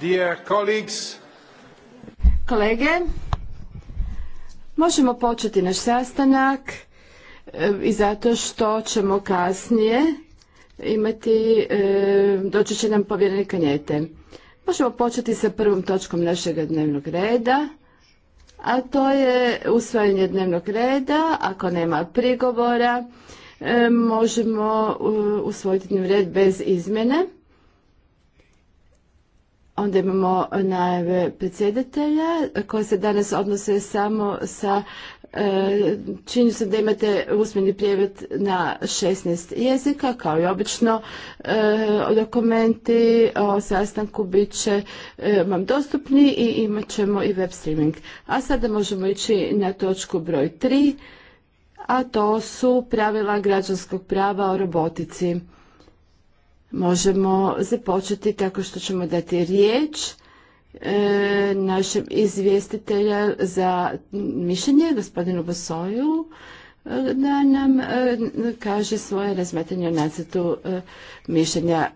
Dear colleagues. Kolege, možemo početi naš sastanak e, i zato što ćemo kasnije imati, e, doći će nam povjerenik Kanjete. Možemo početi sa prvom točkom našeg dnevnog reda, a to je usvajanje dnevnog reda, ako nema prigovora, e, možemo usvojiti dnevni red bez izmjene. Onda imamo najave predsjedatelja koje se danas odnose samo sa e, čini se da imate usmeni prijevod na 16 jezika, kao i obično e, dokumenti o sastanku bit će e, vam dostupni i imat ćemo i web streaming. A sada možemo ići na točku broj 3, a to su pravila građanskog prava o robotici možemo započeti tako što ćemo dati riječ e, našem izvjestitelja za mišljenje, gospodinu Bosoju, e, da nam e, kaže svoje razmetanje o nacrtu mišljenja.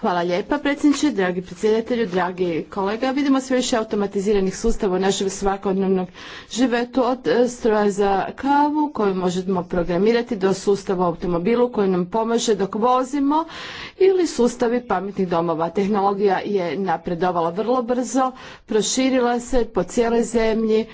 Hvala lijepa predsjedniče, dragi predsjedatelju, dragi kolega. Vidimo sve više automatiziranih sustava u našem svakodnevnom životu od e, stroja za kavu koju možemo programirati do sustava u automobilu koji nam pomaže dok vozimo ili sustavi pametnih domova. Tehnologija je napredovala vrlo brzo, proširila se po cijeloj zemlji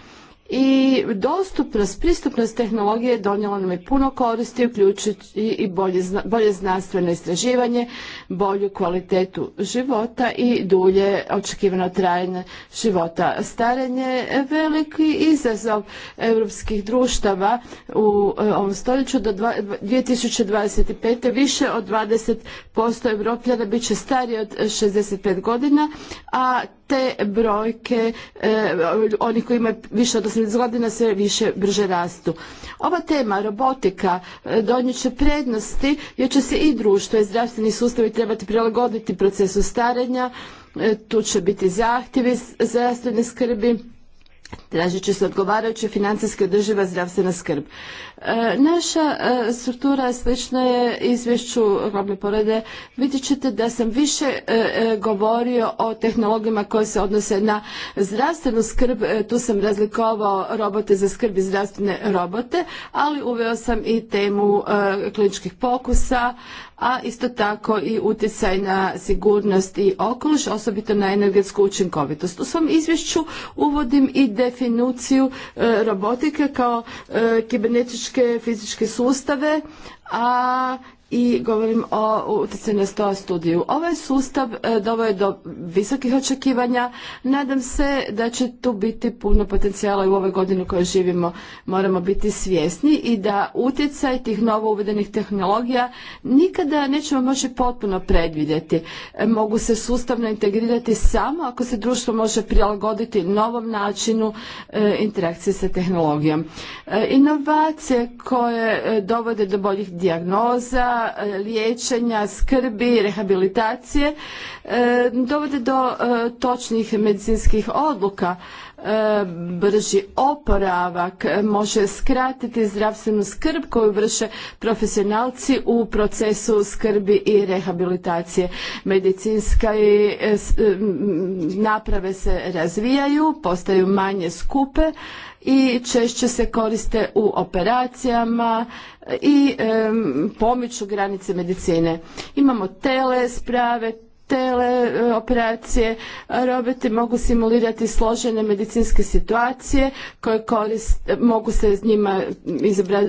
i dostupnost, pristupnost tehnologije donijela nam je puno koristi, uključujući i bolje, bolje znanstveno istraživanje, bolju kvalitetu života i dulje očekivano trajanje života. Starenje je veliki izazov europskih društava u e, ovom stoljeću do 2025. Više od 20% evropljana bit će starije od 65 godina, a te brojke, e, oni koji imaju više od Dakle, iz godina sve više brže rastu. Ova tema robotika e, donijet će prednosti jer će se i društvo i zdravstveni sustavi trebati prilagoditi procesu starenja, e, tu će biti zahtjevi zdravstvene skrbi Tražit će se odgovarajuće financijske održiva zdravstvena skrb. E, naša e, struktura slična je izvješću robne porede. Vidjet ćete da sam više e, govorio o tehnologijama koje se odnose na zdravstvenu skrb. Tu sam razlikovao robote za skrb i zdravstvene robote, ali uveo sam i temu kliničkih pokusa, a isto tako i utjecaj na sigurnost i okoliš, osobito na energetsku učinkovitost. U svom izvješću uvodim i definiciju definiciju e, robotike kao e, kibernetičke fizičke sustave, a i govorim o utjecaju na stoa studiju. Ovaj sustav e, doveo je do visokih očekivanja. Nadam se da će tu biti puno potencijala i u ovoj godini u kojoj živimo. Moramo biti svjesni i da utjecaj tih novo uvedenih tehnologija nikada nećemo moći potpuno predvidjeti. E, mogu se sustavno integrirati samo ako se društvo može prilagoditi novom načinu e, interakcije sa tehnologijom. Inovacije koje dovode do boljih dijagnoza, liječenja, skrbi, rehabilitacije e, dovode do e, točnih medicinskih odluka. E, brži oporavak može skratiti zdravstvenu skrb koju vrše profesionalci u procesu skrbi i rehabilitacije. Medicinske naprave se razvijaju, postaju manje skupe, i češće se koriste u operacijama i e, pomiču granice medicine. Imamo tele, sprave, E, operacije roboti mogu simulirati složene medicinske situacije koje korist, mogu se s njima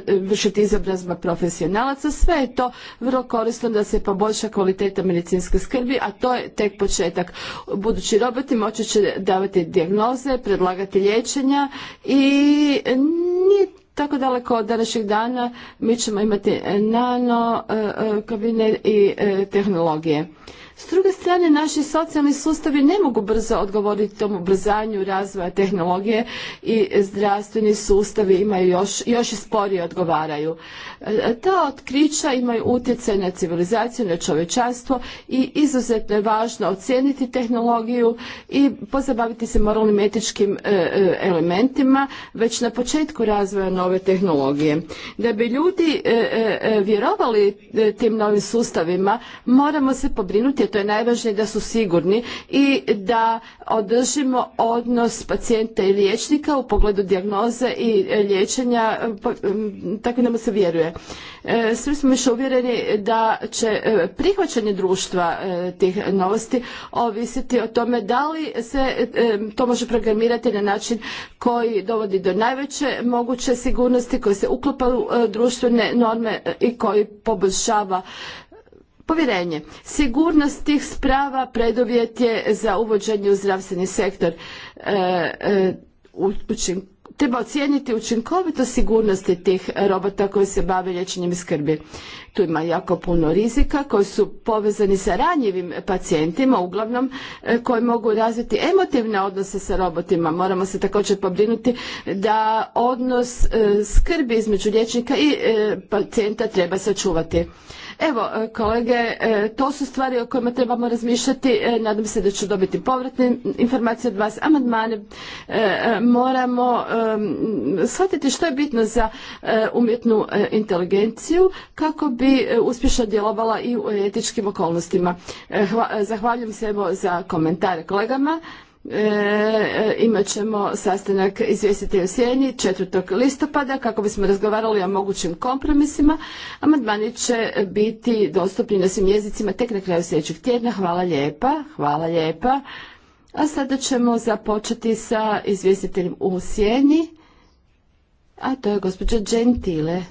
vršiti izobrazba profesionalaca. Sve je to vrlo korisno da se poboljša kvaliteta medicinske skrbi, a to je tek početak. Budući roboti moći će davati dijagnoze, predlagati liječenja i nije tako daleko od današnjeg dana mi ćemo imati nano e, e, kabine i tehnologije. S druge strane, naši socijalni sustavi ne mogu brzo odgovoriti tom ubrzanju razvoja tehnologije i zdravstveni sustavi imaju još, još i sporije odgovaraju. E, ta otkrića imaju utjecaj na civilizaciju, na čovečanstvo i izuzetno je važno ocijeniti tehnologiju i pozabaviti se moralnim etičkim e, e, elementima već na početku razvoja nove tehnologije. Da bi ljudi vjerovali tim novim sustavima, moramo se pobrinuti to je najvažnije da su sigurni i da održimo odnos pacijenta i liječnika u pogledu dijagnoze i liječenja, pa, tako mu se vjeruje. E, svi smo više uvjereni da će e, prihvaćanje društva e, tih novosti ovisiti o tome da li se to može programirati na način koji dovodi do najveće moguće sigurnosti, koji se uklopa u društvene norme i koji poboljšava povjerenje. Sigurnost tih sprava predovjet je za uvođenje u zdravstveni sektor. E, e, treba ocijeniti učinkovito sigurnosti tih robota koji se bave liječenjem skrbi. Tu ima jako puno rizika koji su povezani sa ranjivim pacijentima, uglavnom e, koji mogu razviti emotivne odnose sa robotima. Moramo se također pobrinuti da odnos skrbi između liječnika i pacijenta treba sačuvati. Evo, e, kolege, e, to su stvari o kojima trebamo razmišljati. E, nadam se da ću dobiti povratne informacije od vas. Amandmane moramo shvatiti što je bitno za umjetnu inteligenciju kako bi uspješno djelovala i u etičkim okolnostima. Zahvaljujem se evo za komentare kolegama. E, imat ćemo sastanak izvjestitelja u Sjeni 4. listopada kako bismo razgovarali o mogućim kompromisima. Amandmani će biti dostupni na svim jezicima tek na kraju sljedećeg tjedna. Hvala lijepa. Hvala lijepa. A sada ćemo započeti sa izvjestiteljem u Sjeni, a to je gospođa Gentile.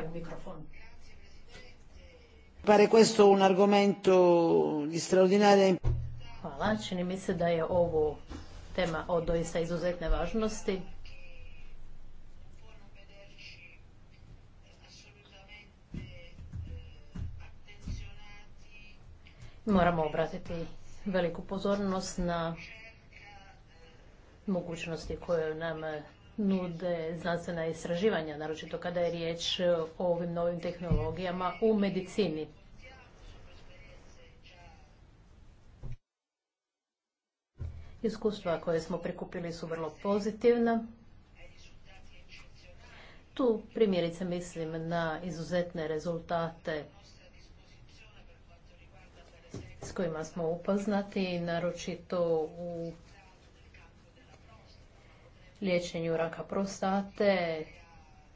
un microfono. Pare questo un argomento di straordinaria Hvala, čini mi se da je ovo tema od doista izuzetne važnosti. Moramo obratiti veliku pozornost na mogućnosti koje nam nude znanstvena istraživanja, naročito kada je riječ o ovim novim tehnologijama u medicini. Iskustva koje smo prikupili su vrlo pozitivna. Tu primjerice mislim na izuzetne rezultate s kojima smo upoznati, naročito u liječenju raka prostate,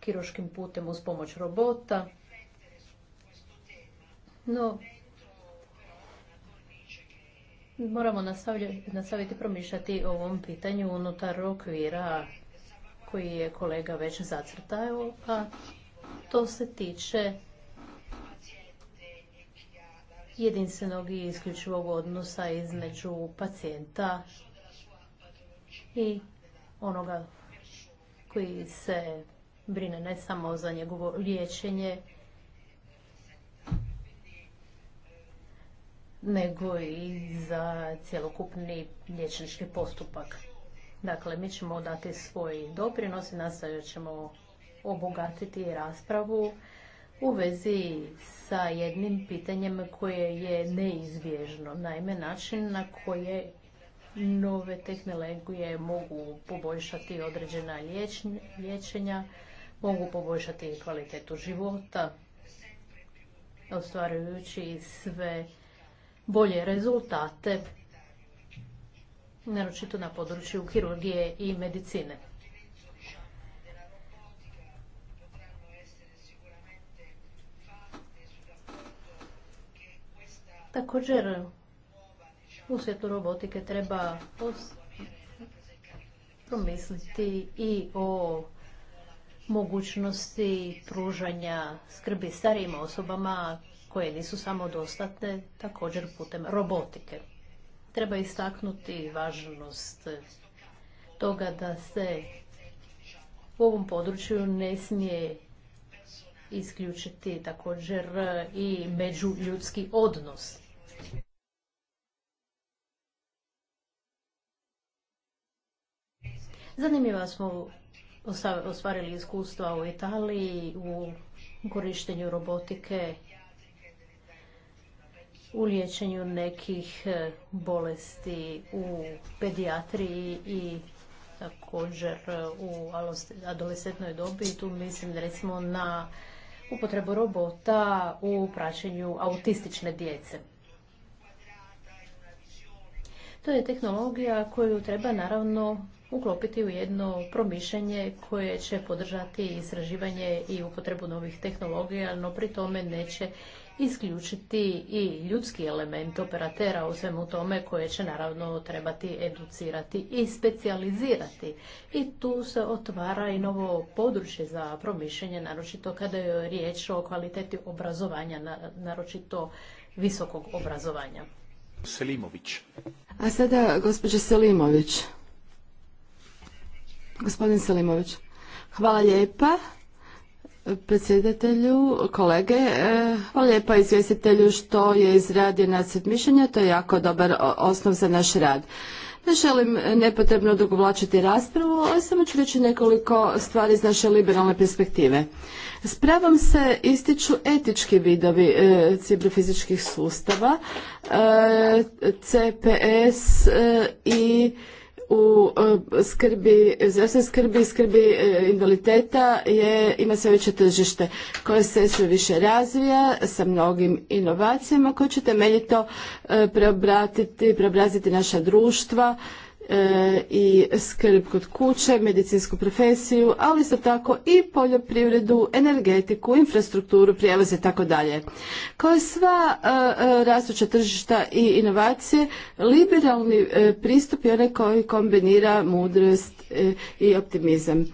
kiroškim putem uz pomoć robota. No, moramo nastaviti promišljati o ovom pitanju unutar okvira koji je kolega već zacrtao, a to se tiče jedinstvenog i isključivog odnosa između pacijenta i onoga koji se brine ne samo za njegovo liječenje, nego i za cjelokupni liječnički postupak. Dakle, mi ćemo dati svoj doprinos i ćemo obogatiti raspravu u vezi sa jednim pitanjem koje je neizbježno. Naime, način na koje nove tehnologije mogu poboljšati određena liječenja, mogu poboljšati kvalitetu života, ostvarujući sve bolje rezultate, naročito na području kirurgije i medicine. Također, u svijetu robotike treba promisliti i o mogućnosti pružanja skrbi starijim osobama koje nisu samodostatne također putem robotike. Treba istaknuti važnost toga da se u ovom području ne smije isključiti također i međuljudski odnos. Zanimljiva smo ostvarili iskustva u Italiji u korištenju robotike u liječenju nekih e, bolesti u pedijatriji i također e, u adolescentnoj dobi. Tu mislim recimo na upotrebu robota u praćenju autistične djece. To je tehnologija koju treba naravno uklopiti u jedno promišljanje koje će podržati istraživanje i upotrebu novih tehnologija, no pri tome neće isključiti i ljudski element operatera u svemu tome koje će naravno trebati educirati i specijalizirati. I tu se otvara i novo područje za promišljanje, naročito kada je riječ o kvaliteti obrazovanja, naročito visokog obrazovanja. Selimović. A sada gospođa Selimović. Gospodin Selimović. Hvala lijepa predsjedatelju, kolege. E, hvala lijepa izvjestitelju što je izradio nacrt mišljenja. To je jako dobar osnov za naš rad. Ne želim nepotrebno odugovlačiti raspravu, ali samo ću reći nekoliko stvari iz naše liberalne perspektive. S pravom se ističu etički vidovi e, sustava, e, CPS e, i u e, skrbi, zdravstvene skrbi i skrbi e, invaliditeta je, ima sve veće tržište koje se sve više razvija sa mnogim inovacijama koje će temeljito e, preobratiti, preobraziti naša društva E, i skrb kod kuće, medicinsku profesiju, ali isto tako i poljoprivredu, energetiku, infrastrukturu, prijevoz i tako dalje. Kao sva e, e, rastuća tržišta i inovacije, liberalni pristup je onaj koji kombinira mudrost i optimizam.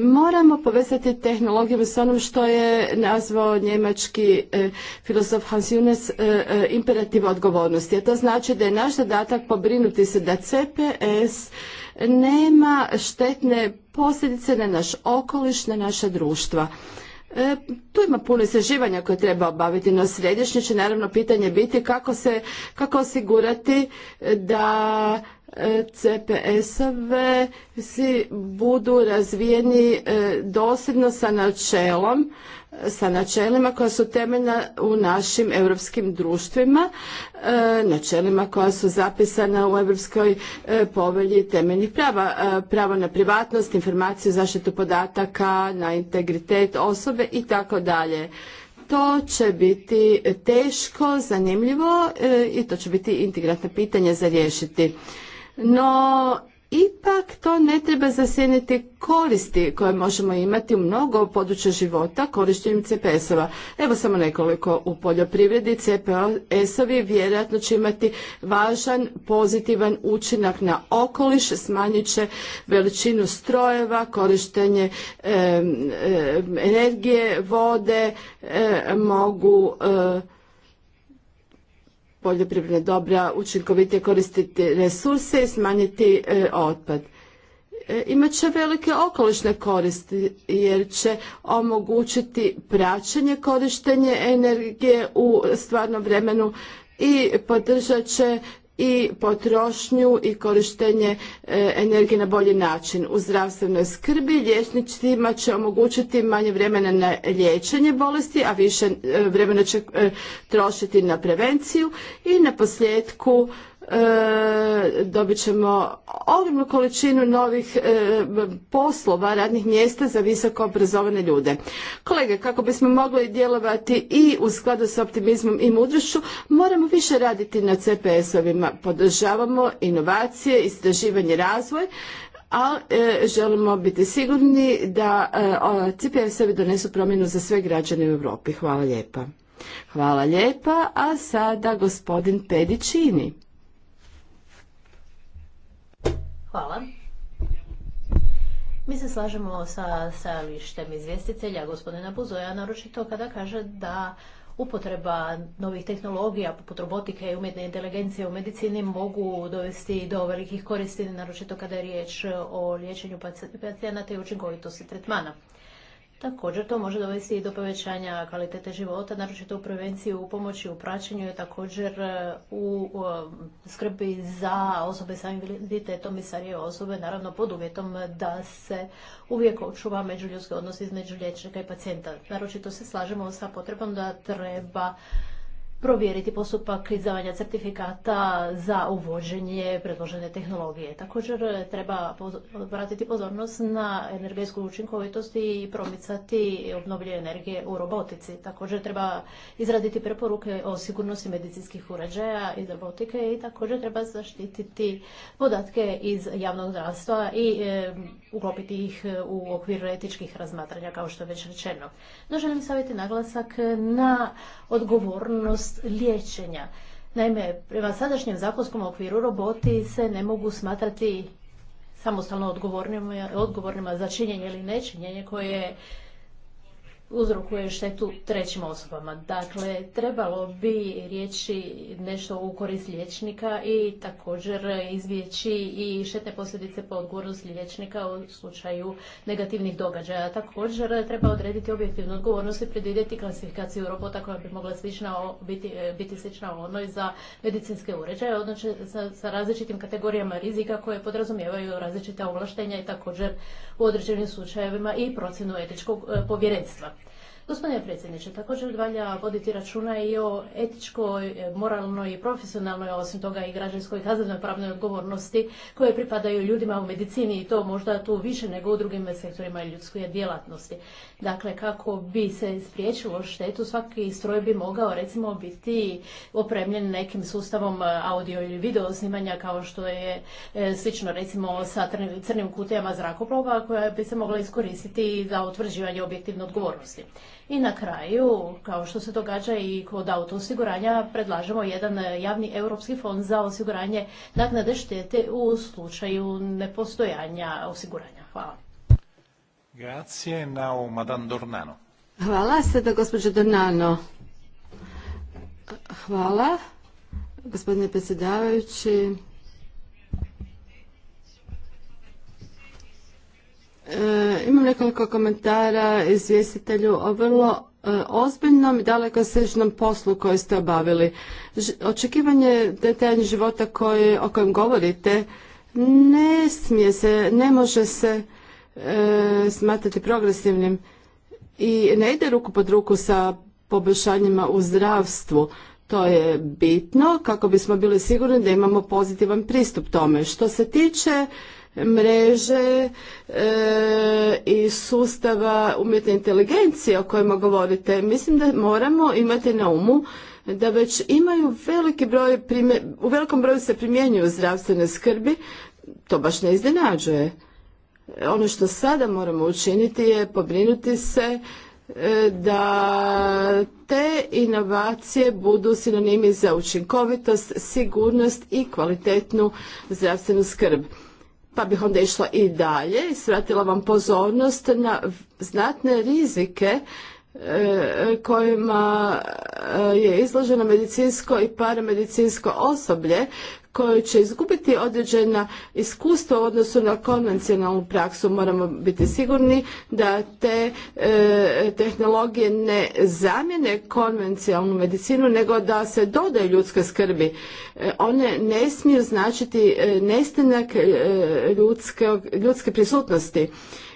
Moramo povezati tehnologiju s onom što je nazvao njemački e, filozof Hans Junes e, e, imperativ odgovornosti. A to znači da je naš zadatak pobrinuti se da CPS nema štetne posljedice na naš okoliš, na naša društva. tu ima puno istraživanja koje treba obaviti, no središnje će naravno pitanje biti kako, se, kako osigurati da E, CPS-ove si budu razvijeni e, dosljedno sa načelom sa načelima koja su temeljna u našim europskim društvima, e, načelima koja su zapisana u Europskoj povelji temeljnih prava, pravo na privatnost, informaciju, zaštitu podataka, na integritet osobe i tako dalje. To će biti teško, zanimljivo i to će biti integratna pitanje za riješiti no ipak to ne treba zasjeniti koristi koje možemo imati u mnogo područja života korištenjem CPS-ova. Evo samo nekoliko u poljoprivredi. CPS-ovi vjerojatno će imati važan pozitivan učinak na okoliš, smanjit će veličinu strojeva, korištenje energije, vode, mogu poljoprivredne dobra učinkovitije koristiti resurse i smanjiti e, otpad. E, imat će velike okolišne koristi jer će omogućiti praćenje korištenje energije u stvarnom vremenu i podržat će i potrošnju i korištenje e, energije na bolji način. U zdravstvenoj skrbi liječnicima će omogućiti manje vremena na liječenje bolesti, a više e, vremena će e, trošiti na prevenciju i na posljedku E, dobit ćemo ogromnu količinu novih e, poslova, radnih mjesta za visoko obrazovane ljude. Kolege, kako bismo mogli djelovati i u skladu sa optimizmom i mudrošću, moramo više raditi na CPS-ovima. Podržavamo inovacije, istraživanje, razvoj, ali e, želimo biti sigurni da CPS-ovi donesu promjenu za sve građane u Europi. Hvala lijepa. Hvala lijepa, a sada gospodin Pedičini. Hvala. Mi se slažemo sa stajalištem izvjestitelja gospodina Buzoja, naročito kada kaže da upotreba novih tehnologija poput robotike i umjetne inteligencije u medicini mogu dovesti do velikih koristi, naročito kada je riječ o liječenju pacijenata i učinkovitosti tretmana. Također to može dovesti i do povećanja kvalitete života, naročito u prevenciju, u pomoći, u praćenju i također e, u e, skrbi za osobe sa invaliditetom i starije osobe, naravno pod uvjetom da se uvijek očuva međuljudski odnos između liječnika i pacijenta. Naročito se slažemo sa potrebom da treba provjeriti postupak izdavanja certifikata za uvođenje predložene tehnologije. Također treba obratiti pozornost na energetsku učinkovitost i promicati obnovlje energije u robotici. Također treba izraditi preporuke o sigurnosti medicinskih uređaja iz robotike i također treba zaštititi podatke iz javnog zdravstva i e, uklopiti ih u okviru etičkih razmatranja kao što je već rečeno. No želim staviti naglasak na odgovornost liječenja. Naime, prema sadašnjem zakonskom okviru roboti se ne mogu smatrati samostalno odgovornima, odgovornima za činjenje ili nečinjenje koje uzrokuje štetu trećim osobama. Dakle, trebalo bi riječi nešto u korist liječnika i također izvjeći i štetne posljedice po odgovornosti liječnika u slučaju negativnih događaja. Također treba odrediti objektivnu odgovornost i predvidjeti klasifikaciju robota koja bi mogla slična, biti, e, biti slična onoj za medicinske uređaje, odnosno sa, sa različitim kategorijama rizika koje podrazumijevaju različita ovlaštenja i također u određenim slučajevima i procjenu etičkog e, povjerenstva. Gospodine predsjedniče, također valja voditi računa i o etičkoj, e, moralnoj i profesionalnoj, osim toga i građanskoj i kaznenoj pravnoj odgovornosti koje pripadaju ljudima u medicini i to možda tu više nego u drugim sektorima ljudske djelatnosti. Dakle, kako bi se spriječilo štetu, svaki stroj bi mogao recimo biti opremljen nekim sustavom e, audio ili video snimanja kao što je e, slično recimo sa crnim kutijama zrakoplova koja bi se mogla iskoristiti za utvrđivanje objektivne odgovornosti. I na kraju, kao što se događa i kod auto osiguranja, predlažemo jedan e, javni europski fond za osiguranje naknade štete u slučaju nepostojanja osiguranja. Hvala. Grazie, now, Madame Dornano. Hvala, sada gospođo Dornano. Hvala, gospodine predsjedavajući. E, imam nekoliko komentara izvjestitelju o vrlo e, ozbiljnom i dalekosežnom poslu koji ste obavili. očekivanje detaljnih života koje, o kojem govorite ne smije se, ne može se e, smatrati progresivnim i ne ide ruku pod ruku sa poboljšanjima u zdravstvu. To je bitno kako bismo bili sigurni da imamo pozitivan pristup tome. Što se tiče mreže e, i sustava umjetne inteligencije o kojima govorite. Mislim da moramo imati na umu da već imaju veliki broj, u velikom broju se primjenjuju zdravstvene skrbi, to baš ne iznenađuje. Ono što sada moramo učiniti je pobrinuti se e, da te inovacije budu sinonimi za učinkovitost, sigurnost i kvalitetnu zdravstvenu skrb pa bih onda išla i dalje i svratila vam pozornost na znatne rizike e, kojima e, je izloženo medicinsko i paramedicinsko osoblje koji će izgubiti određena iskustva u odnosu na konvencionalnu praksu. Moramo biti sigurni da te e, tehnologije ne zamjene konvencionalnu medicinu, nego da se dodaju ljudske skrbi. E, one ne smiju značiti e, nestanak ljudske prisutnosti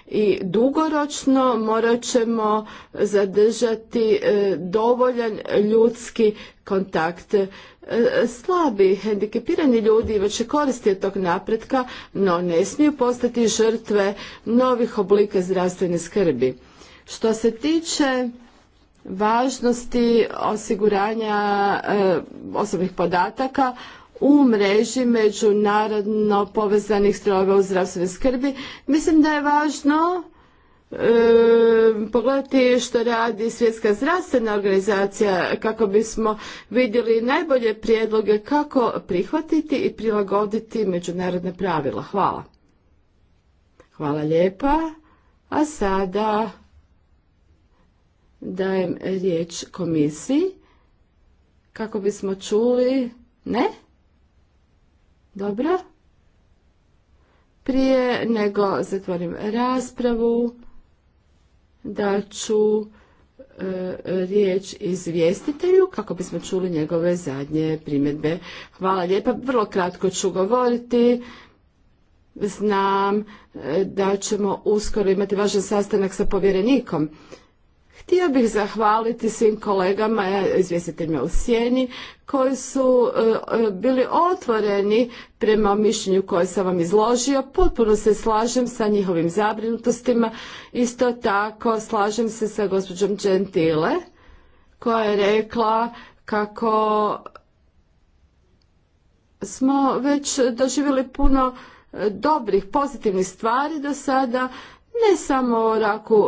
i dugoročno morat ćemo zadržati e, dovoljan ljudski kontakt. E, slabi, hendikepirani ljudi već koristi od tog napretka, no ne smiju postati žrtve novih oblika zdravstvene skrbi. Što se tiče važnosti osiguranja e, osobnih podataka u mreži međunarodno povezanih stroga u zdravstvenoj skrbi. Mislim da je važno e, pogledati što radi Svjetska zdravstvena organizacija kako bismo vidjeli najbolje prijedloge kako prihvatiti i prilagoditi međunarodne pravila. Hvala. Hvala lijepa. A sada dajem riječ komisiji kako bismo čuli... Ne? Dobro. Prije nego zatvorim raspravu, da ću e, riječ izvjestitelju kako bismo čuli njegove zadnje primjedbe. Hvala lijepa. Vrlo kratko ću govoriti. Znam e, da ćemo uskoro imati važan sastanak sa povjerenikom Htio bih zahvaliti svim kolegama, e, izvjestiteljima u sjeni, koji su e, e, bili otvoreni prema mišljenju koje sam vam izložio. Potpuno se slažem sa njihovim zabrinutostima. Isto tako slažem se sa gospođom Gentile koja je rekla kako smo već doživjeli puno dobrih, pozitivnih stvari do sada, ne samo o raku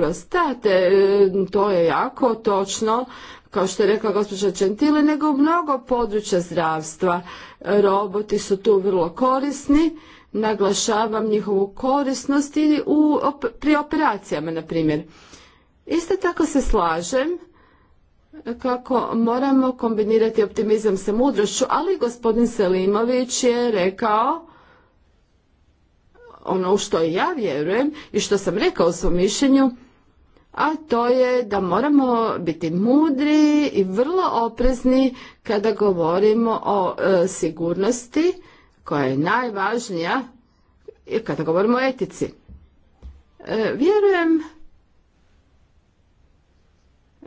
prostate. E, to je jako točno kao što je rekla gospođa Čentile, nego u mnogo područja zdravstva. Roboti su tu vrlo korisni, naglašavam njihovu korisnost i pri operacijama, na primjer. Isto tako se slažem kako moramo kombinirati optimizam sa mudrošću, ali gospodin Selimović je rekao ono u što ja vjerujem i što sam rekao u svom mišljenju, a to je da moramo biti mudri i vrlo oprezni kada govorimo o e, sigurnosti koja je najvažnija i kada govorimo o etici. E, vjerujem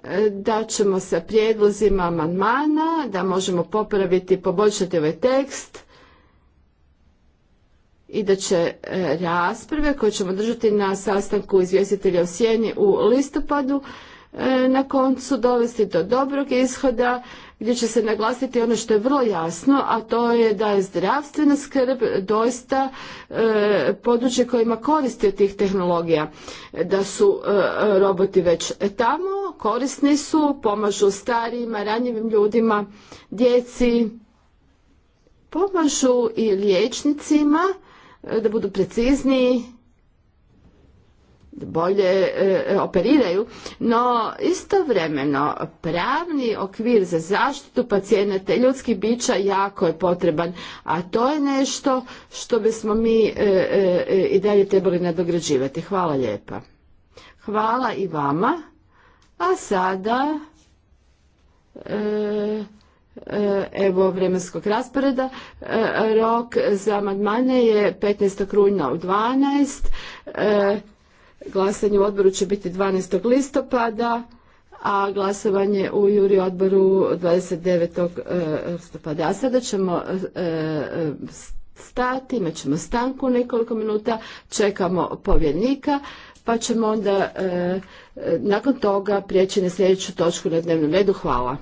e, da ćemo sa prijedlozima amandmana, da možemo popraviti, poboljšati ovaj tekst i da će e, rasprave koje ćemo držati na sastanku izvjestitelja u Sjeni u listopadu e, na koncu dovesti do dobrog ishoda gdje će se naglasiti ono što je vrlo jasno, a to je da je zdravstvena skrb doista e, područje kojima koristi od tih tehnologija. Da su roboti već tamo, korisni su, pomažu starijima, ranjivim ljudima, djeci, pomažu i liječnicima da budu precizniji, da bolje e, e, operiraju, no istovremeno pravni okvir za zaštitu pacijenata i ljudskih bića jako je potreban, a to je nešto što bismo mi e, i dalje trebali nadograđivati. Hvala lijepa. Hvala i vama. A sada... E, evo vremenskog rasporeda. E, rok za amandmane je 15. rujna u 12. E, glasanje u odboru će biti 12. listopada, a glasovanje u juri odboru 29. listopada. A sada ćemo stati, imat ćemo stanku nekoliko minuta, čekamo povjednika pa ćemo onda nakon toga prijeći na sljedeću točku na dnevnom redu. Hvala.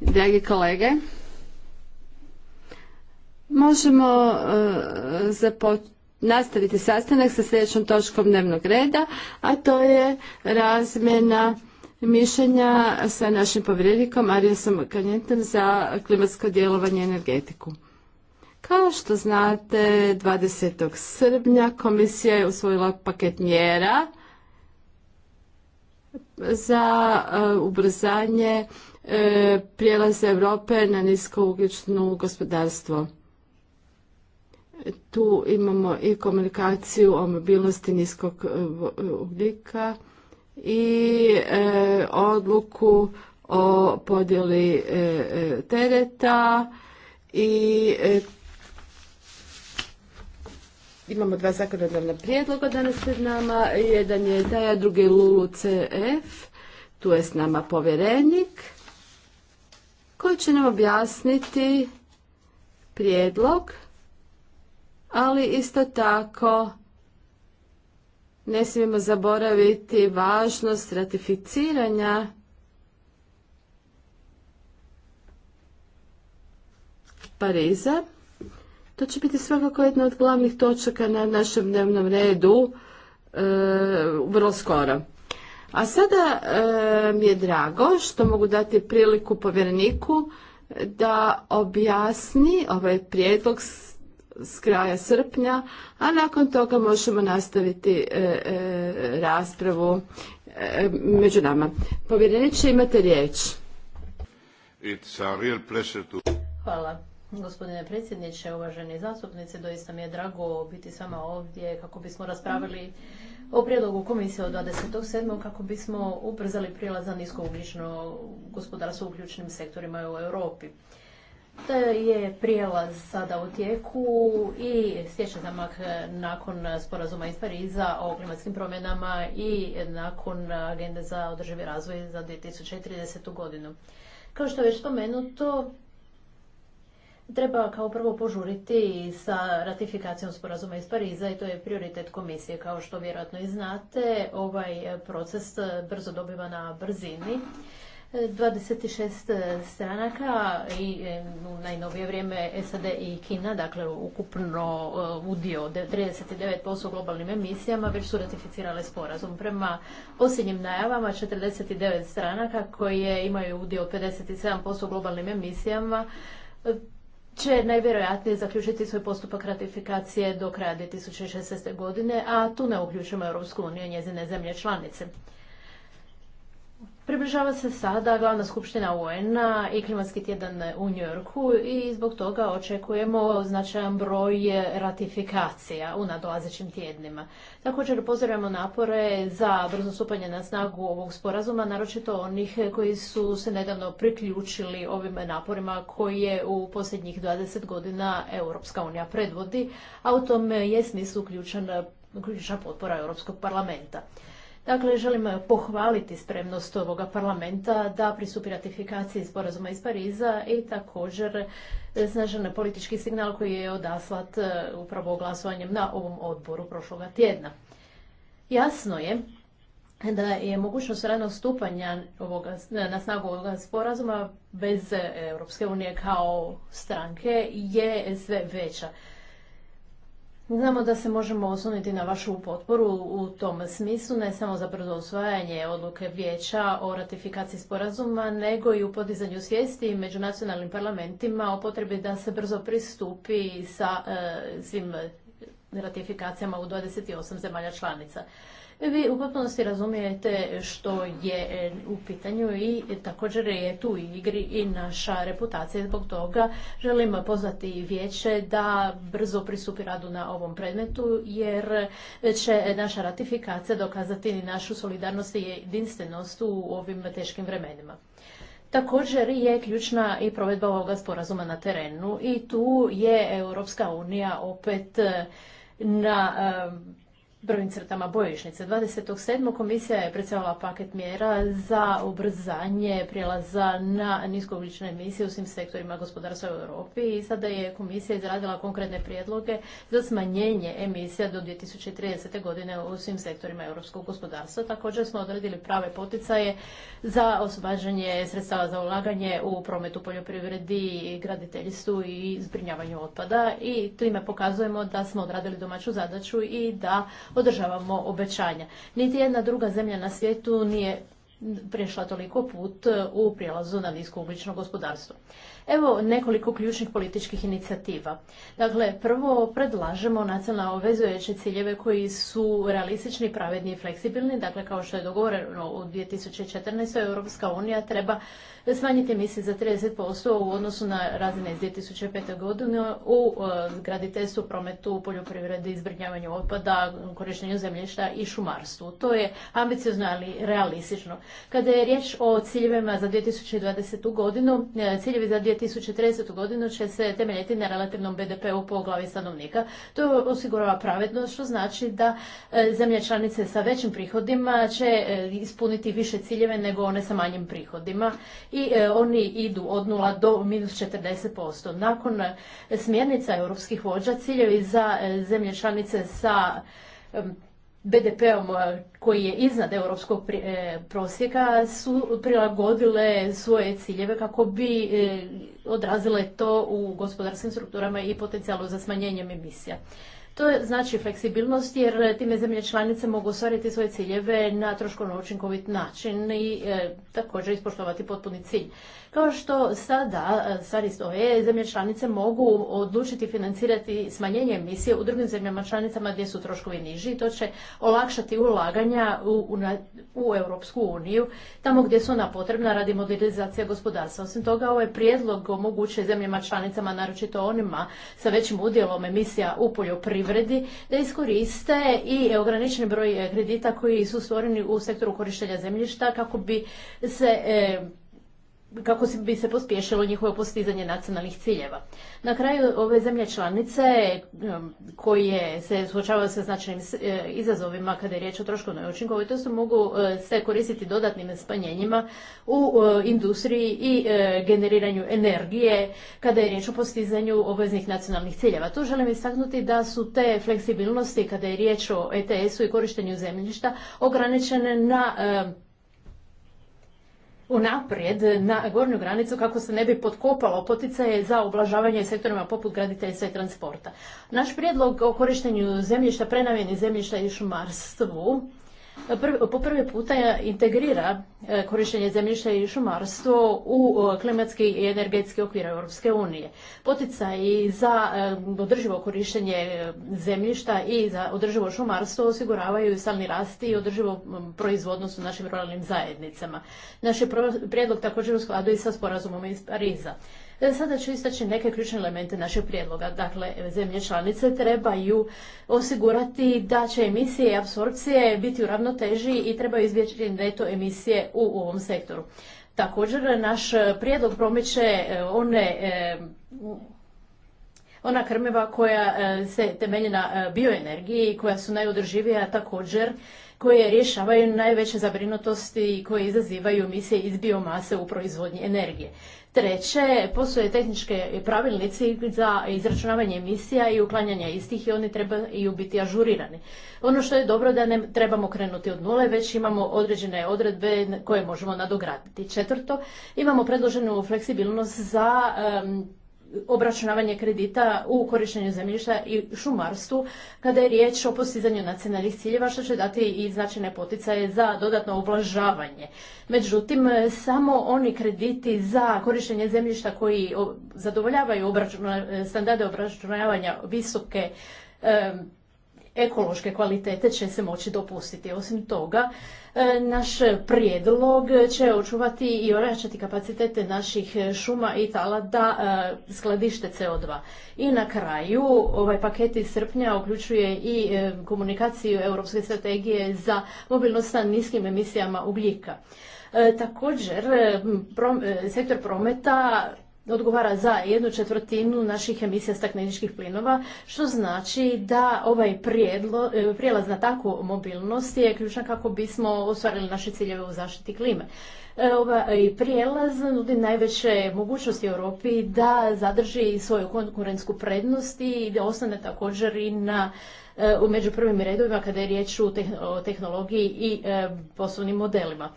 Drage kolege, možemo eh, nastaviti sastanak sa sljedećom točkom dnevnog reda, a to je razmjena mišljenja sa našim povjerenikom Arijasom Kanjentom za klimatsko djelovanje i energetiku. Kao što znate, 20. srbnja komisija je usvojila paket mjera za e, ubrzanje e, prijelaza Europe na niskougljično gospodarstvo. Tu imamo i komunikaciju o mobilnosti niskog e, ugljika i odluku o podjeli tereta i Imamo dva zakonodavna prijedloga danas pred nama. Jedan je taj, a drugi je Lulu CF. Tu je s nama povjerenik koji će nam objasniti prijedlog, ali isto tako ne smijemo zaboraviti važnost ratificiranja Pariza. To će biti svakako jedna od glavnih točaka na našem dnevnom redu e, vrlo skoro. A sada e, mi je drago što mogu dati priliku povjereniku da objasni ovaj prijedlog s, kraja srpnja, a nakon toga možemo nastaviti e, e, raspravu među nama. Povjereniče, imate riječ. Hvala. Gospodine predsjedniče, uvaženi zastupnici, doista mi je drago biti s vama ovdje kako bismo raspravili o prijedlogu komisije od 27. kako bismo ubrzali prijelaz za niskougljično gospodarstvo u ključnim sektorima u Europi. To je prijelaz sada u tijeku i stječe zamak nakon sporazuma iz Pariza o klimatskim promjenama i nakon agende za održivi razvoj za 2030. godinu. Kao što je već spomenuto, Treba kao prvo požuriti sa ratifikacijom sporazuma iz Pariza i to je prioritet komisije. Kao što vjerojatno i znate, ovaj proces brzo dobiva na brzini. 26 stranaka i u najnovije vrijeme SAD i Kina, dakle ukupno uh, udio 39% u globalnim emisijama, već su ratificirale sporazum. Prema posljednjim najavama 49 stranaka koje imaju udio 57% u globalnim emisijama će najvjerojatnije zaključiti svoj postupak ratifikacije do kraja 2016. godine, a tu ne uključimo Europsku uniju i njezine zemlje članice. Približava se sada glavna skupština UN-a i klimatski tjedan u Njorku i zbog toga očekujemo značajan broj ratifikacija u nadolazećim tjednima. Također pozdravljamo napore za brzo stupanje na snagu ovog sporazuma, naročito onih koji su se nedavno priključili ovim naporima koje u posljednjih 20 godina Europska unija predvodi, a u tom je smislu ključan, ključna potpora Europskog parlamenta. Dakle, želim eh, pohvaliti spremnost ovoga parlamenta da pristupi ratifikaciji sporazuma iz Pariza i također eh, snažan politički signal koji je odaslat eh, upravo glasovanjem na ovom odboru prošloga tjedna. Jasno je da je mogućnost ranog stupanja na snagu ovoga sporazuma bez Europske unije kao stranke je sve veća. Znamo da se možemo osuniti na vašu potporu u tom smislu, ne samo za brzo osvajanje odluke vijeća o ratifikaciji sporazuma, nego i u podizanju svijesti među nacionalnim parlamentima o potrebi da se brzo pristupi sa e, svim ratifikacijama u 28 zemalja članica. Vi u potpunosti razumijete što je e, u pitanju i također je tu u igri i naša reputacija. Zbog toga želim pozvati vijeće da brzo pristupi radu na ovom predmetu jer će naša ratifikacija dokazati našu solidarnost i jedinstvenost u ovim teškim vremenima. Također je ključna i provedba ovoga sporazuma na terenu i tu je Europska unija opet na prvim crtama bojišnice. 27. komisija je predstavila paket mjera za ubrzanje prijelaza na niskougljične emisije u svim sektorima gospodarstva u Europi i sada je komisija izradila konkretne prijedloge za smanjenje emisija do 2030. godine u svim sektorima europskog gospodarstva. Također smo odredili prave poticaje za oslobađanje sredstava za ulaganje u prometu poljoprivredi, graditeljstvu i zbrinjavanju otpada i time pokazujemo da smo odradili domaću zadaću i da održavamo obećanja. Niti jedna druga zemlja na svijetu nije prešla toliko put u prijelazu na ugljično gospodarstvo. Evo nekoliko ključnih političkih inicijativa. Dakle, prvo predlažemo nacionalno obvezujuće ciljeve koji su realistični, pravedni i fleksibilni. Dakle, kao što je dogovoreno u 2014. Europska unija treba smanjiti emisije za 30% u odnosu na razine iz 2005. godine u e, graditeljstvu, prometu, poljoprivredi, izbrinjavanju otpada, korištenju zemljišta i šumarstvu. To je ambiciozno, ali realistično. Kada je riječ o ciljevima za 2020. godinu, e, ciljevi za 2020 2030. godinu će se temeljiti na relativnom BDP-u po glavi stanovnika. To osigurava pravednost, što znači da e, zemlje članice sa većim prihodima će e, ispuniti više ciljeve nego one sa manjim prihodima i e, oni idu od 0 do minus 40%. Nakon smjernica europskih vođa ciljevi za zemlje članice sa BDP-om eh, koji je iznad europskog eh, prosjeka su prilagodile svoje ciljeve kako bi eh, odrazile to u gospodarskim strukturama i potencijalu za smanjenjem emisija. To je znači fleksibilnost jer time zemlje članice mogu ostvariti svoje ciljeve na troškovno učinkovit način i e, također ispoštovati potpuni cilj. Kao što sada e, stvari stoje, zemlje članice mogu odlučiti financirati smanjenje emisije u drugim zemljama članicama gdje su troškovi niži i to će olakšati ulaganja u, u, Europsku uniju tamo gdje su ona potrebna radi modernizacije gospodarstva. Osim toga, ovaj prijedlog omogućuje zemljama članicama, naročito onima sa većim udjelom emisija u poljoprivredi, privredi da iskoriste i ograničen broj kredita koji su stvoreni u sektoru korištenja zemljišta kako bi se e, kako bi se pospješilo njihovo postizanje nacionalnih ciljeva. Na kraju ove zemlje članice koje se suočavaju sa značajnim e, izazovima kada je riječ o troškovnoj učinkovitosti mogu e, se koristiti dodatnim spanjenjima u e, industriji i generiranju energije kada je riječ o postizanju obveznih nacionalnih ciljeva. Tu želim istaknuti da su te fleksibilnosti kada je riječ o ETS-u i korištenju zemljišta ograničene na unaprijed na gornju granicu kako se ne bi potkopalo poticaje za ublažavanje sektorima poput graditeljstva i transporta. Naš prijedlog o korištenju zemljišta, prenamjeni zemljišta i šumarstvu po prvi puta integrira e, korištenje zemljišta i šumarstvo u e, klimatski i energetski okvir Europske unije. Poticaji za e, održivo korištenje zemljišta i za održivo šumarstvo osiguravaju sami rasti i održivo proizvodnost u našim ruralnim zajednicama. Naš je prijedlog također u skladu i sa sporazumom iz Pariza. E, sada ću istaći neke ključne elemente našeg prijedloga. Dakle, zemlje članice trebaju osigurati da će emisije i apsorpcije biti u ravnoteži i trebaju izbjeći neto emisije u ovom sektoru. Također, naš prijedlog promiče e, one e, ona krmiva koja e, se temelji na e, bioenergiji i koja su najodrživija također koje rješavaju najveće zabrinutosti i koje izazivaju emisije iz biomase u proizvodnji energije. Treće, postoje tehničke pravilnici za izračunavanje emisija i uklanjanja istih i oni trebaju biti ažurirani. Ono što je dobro da ne trebamo krenuti od nule, već imamo određene odredbe koje možemo nadograditi. Četvrto, imamo predloženu fleksibilnost za obračunavanje kredita u korištenju zemljišta i šumarstvu kada je riječ o postizanju nacionalnih ciljeva što će dati i značajne poticaje za dodatno ublažavanje. Međutim, samo oni krediti za korištenje zemljišta koji zadovoljavaju standarde obračunavanja visoke ekološke kvalitete će se moći dopustiti. Osim toga, e, naš prijedlog će očuvati i ojačati kapacitete naših šuma i tala da e, skladište CO2. I na kraju, ovaj paket iz srpnja uključuje i e, komunikaciju Europske strategije za mobilnost sa niskim emisijama ugljika. Također, sektor prometa odgovara za jednu četvrtinu naših emisija stakleničkih plinova, što znači da ovaj e, prijelaz na takvu mobilnost je ključan kako bismo ostvarili naše ciljeve u zaštiti klime. E, ovaj prijelaz nudi najveće mogućnosti Europi da zadrži svoju konkurentsku prednost i da ostane također i na e, među prvim redovima kada je riječ o tehnologiji i poslovnim modelima.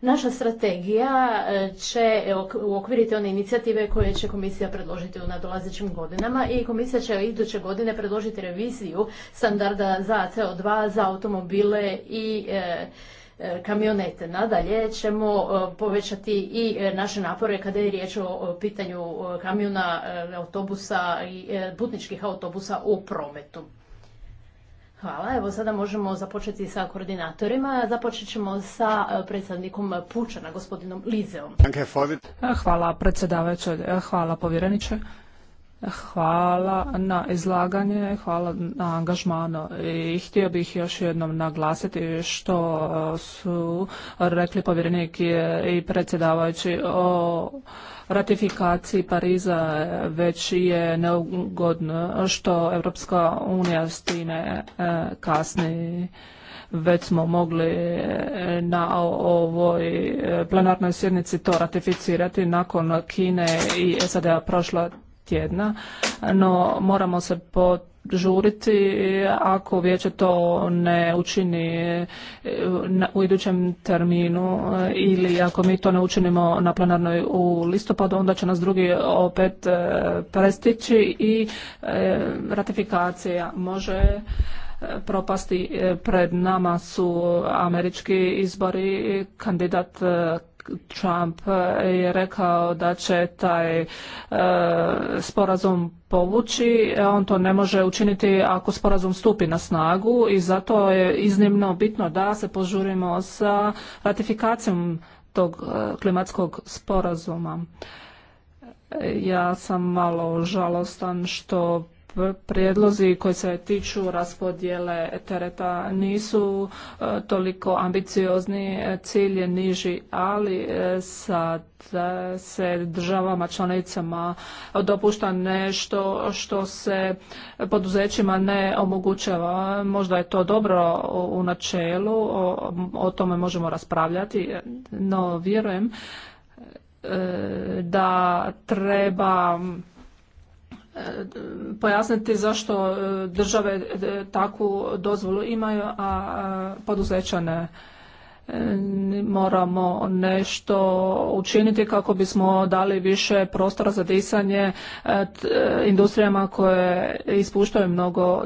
Naša strategija e, će uokviriti one inicijative koje će komisija predložiti u nadolazećim godinama i komisija će iduće godine predložiti reviziju standarda za CO2 za automobile i e, e, kamionete. Nadalje ćemo povećati i naše napore kada je riječ o pitanju kamiona, autobusa i putničkih autobusa u prometu. Hvala. Evo sada možemo započeti sa koordinatorima. Započet ćemo sa e, predsjednikom Pučana, gospodinom Lizeom. Hvala predsjedavajuće, hvala povjereniče. Hvala na izlaganje, hvala na angažmanu i htio bih još jednom naglasiti što e, su rekli povjerenik i predsjedavajući o ratifikaciji Pariza e, već je neugodno što Europska unija s time e, kasni već smo mogli na ovoj plenarnoj sjednici to ratificirati nakon Kine i SAD-a prošla tjedna, no moramo se požuriti ako vijeće to ne učini e, u idućem terminu e, ili ako mi to ne učinimo na plenarnoj u listopadu, onda će nas drugi opet e, prestići i ratifikacija može propasti. Pred nama su američki izbori, kandidat Trump e, je rekao da će taj e, sporazum povući, e, on to ne može učiniti ako sporazum stupi na snagu i zato je iznimno bitno da se požurimo sa ratifikacijom tog klimatskog sporazuma. Ja sam malo žalostan što prijedlozi koji se tiču raspodjele tereta nisu e, toliko ambiciozni, cilj je niži, ali e, sad se državama članicama dopušta nešto što se poduzećima ne omogućava. Možda je to dobro u načelu, o, o tome možemo raspravljati, no vjerujem e, da treba pojasniti zašto e, države e, takvu dozvolu imaju, a e, poduzeća ne. Moramo nešto učiniti kako bismo dali više prostora za disanje industrijama koje ispuštaju mnogo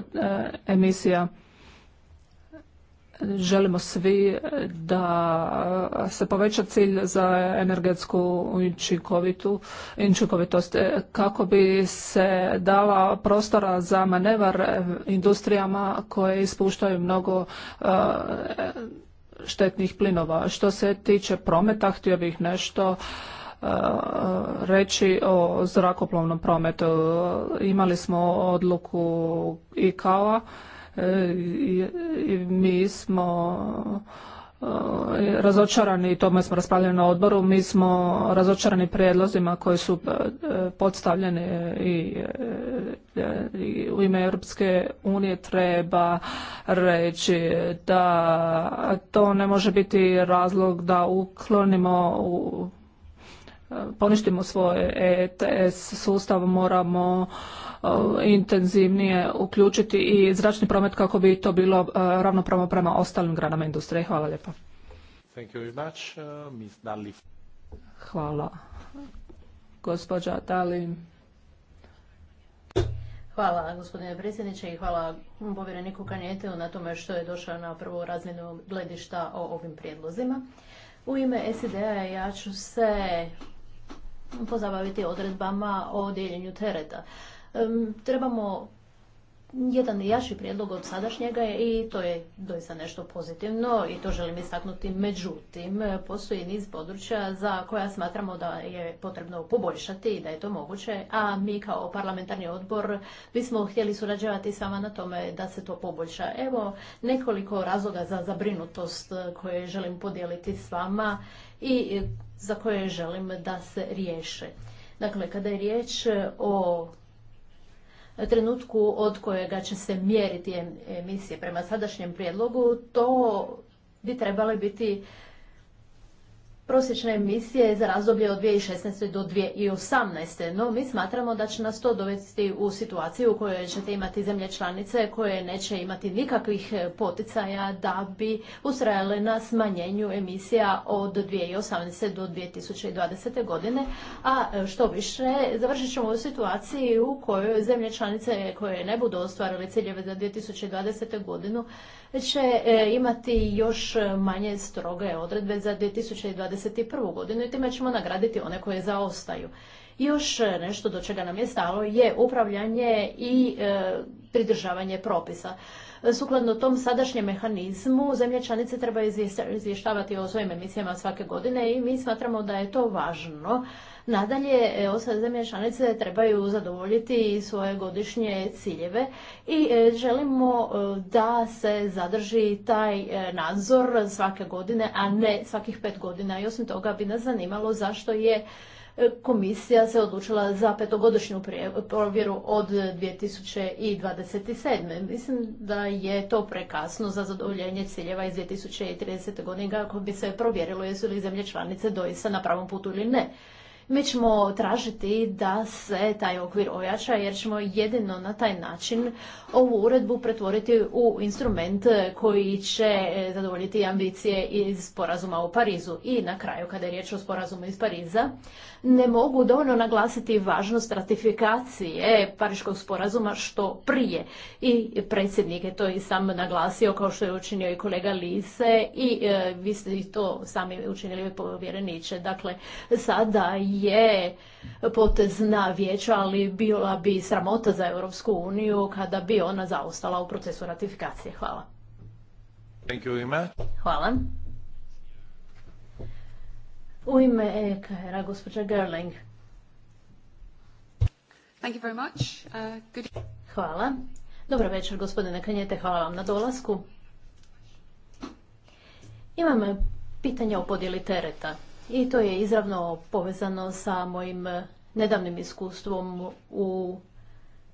emisija. Želimo svi eh, da eh, se poveća cilj za energetsku učinkovitost eh, kako bi se dala prostora za manevar industrijama koje ispuštaju mnogo štetnih plinova. Što se tiče prometa, htio bih nešto reći o zrakoplovnom prometu. Imali smo odluku ICAO-a E, mi smo e, razočarani, tome smo raspravljali na odboru, mi smo razočarani prijedlozima koji su e, podstavljene i, u ime Europske unije treba reći da to ne može biti razlog da uklonimo poništimo svoj ETS sustav, moramo E, intenzivnije uključiti i zračni promet kako bi to bilo e, ravnopravno prema ostalim granama industrije. Hvala lijepa. Uh, hvala. Gospođa Dali. Hvala gospodine predsjedniče i hvala povjereniku Kanjeteu na tome što je došao na prvu razminu gledišta o ovim prijedlozima. U ime SID-a ja ću se pozabaviti odredbama o dijeljenju tereta trebamo jedan jaši prijedlog od sadašnjega i to je doista nešto pozitivno i to želim istaknuti. Međutim, postoji niz područja za koja smatramo da je potrebno poboljšati i da je to moguće, a mi kao parlamentarni odbor bismo htjeli surađivati vama na tome da se to poboljša. Evo nekoliko razloga za zabrinutost koje želim podijeliti s vama i za koje želim da se riješe. Dakle, kada je riječ o trenutku od kojega će se mjeriti emisije prema sadašnjem prijedlogu, to bi trebale biti prosječne emisije za razdoblje od 2016. do 2018. No, mi smatramo da će nas to dovesti u situaciju u kojoj ćete imati zemlje članice koje neće imati nikakvih e, poticaja da bi ustrajale na smanjenju emisija od 2018. do 2020. godine, a e, što više završit ćemo u situaciji u kojoj zemlje članice koje ne budu ostvarile ciljeve za 2020. godinu će e, imati još manje stroge odredbe za 2020 2021. godinu i time ćemo nagraditi one koje zaostaju. još nešto do čega nam je stalo je upravljanje i e, pridržavanje propisa. Sukladno tom sadašnjem mehanizmu, zemlje članice treba izvještavati o svojim emisijama svake godine i mi smatramo da je to važno Nadalje, e, osam zemlje članice trebaju zadovoljiti svoje godišnje ciljeve i e, želimo e, da se zadrži taj nadzor svake godine, a ne svakih pet godina. I osim toga bi nas zanimalo zašto je komisija se odlučila za petogodišnju provjeru od 2027. Mislim da je to prekasno za zadovoljenje ciljeva iz 2030. godine kako bi se provjerilo jesu li zemlje članice doista na pravom putu ili ne. Mi ćemo tražiti da se taj okvir ojača jer ćemo jedino na taj način ovu uredbu pretvoriti u instrument koji će zadovoljiti ambicije iz sporazuma u Parizu. I na kraju, kada je riječ o sporazumu iz Pariza, ne mogu dovoljno naglasiti važnost ratifikacije Pariškog sporazuma što prije. I predsjednik je to i sam naglasio kao što je učinio i kolega Lise i e, vi ste i to sami učinili povjereniče. Dakle, sada je potez na vijeća, ali bila bi sramota za Europsku uniju kada bi ona zaostala u procesu ratifikacije. Hvala. Hvala. U ime EKR-a, gospođa Gerling. Uh, hvala. Dobro večer, gospodine Kanjete, hvala vam na dolasku. Imam pitanje o podjeli tereta i to je izravno povezano sa mojim nedavnim iskustvom u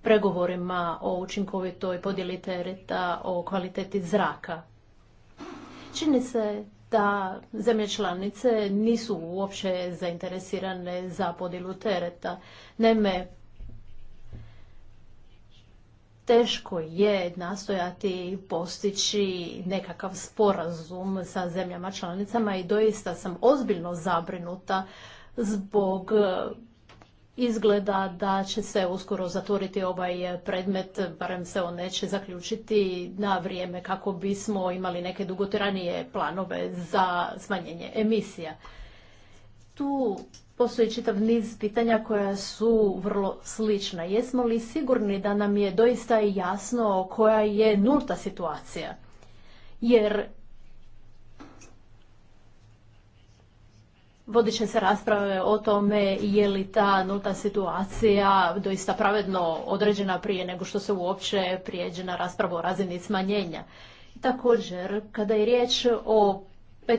pregovorima o učinkovitoj podjeli tereta, o kvaliteti zraka. Čini se da zemlje članice nisu uopće zainteresirane za podjelu tereta. Naime, teško je nastojati postići nekakav sporazum sa zemljama članicama i doista sam ozbiljno zabrinuta zbog Izgleda da će se uskoro zatvoriti ovaj predmet, barem se on neće zaključiti na vrijeme kako bismo imali neke dugotranije planove za smanjenje emisija. Tu postoji čitav niz pitanja koja su vrlo slična. Jesmo li sigurni da nam je doista jasno koja je nulta situacija? Jer Vodit će se rasprave o tome je li ta nulta situacija doista pravedno određena prije nego što se uopće prijeđe na raspravu o razini smanjenja. Također, kada je riječ o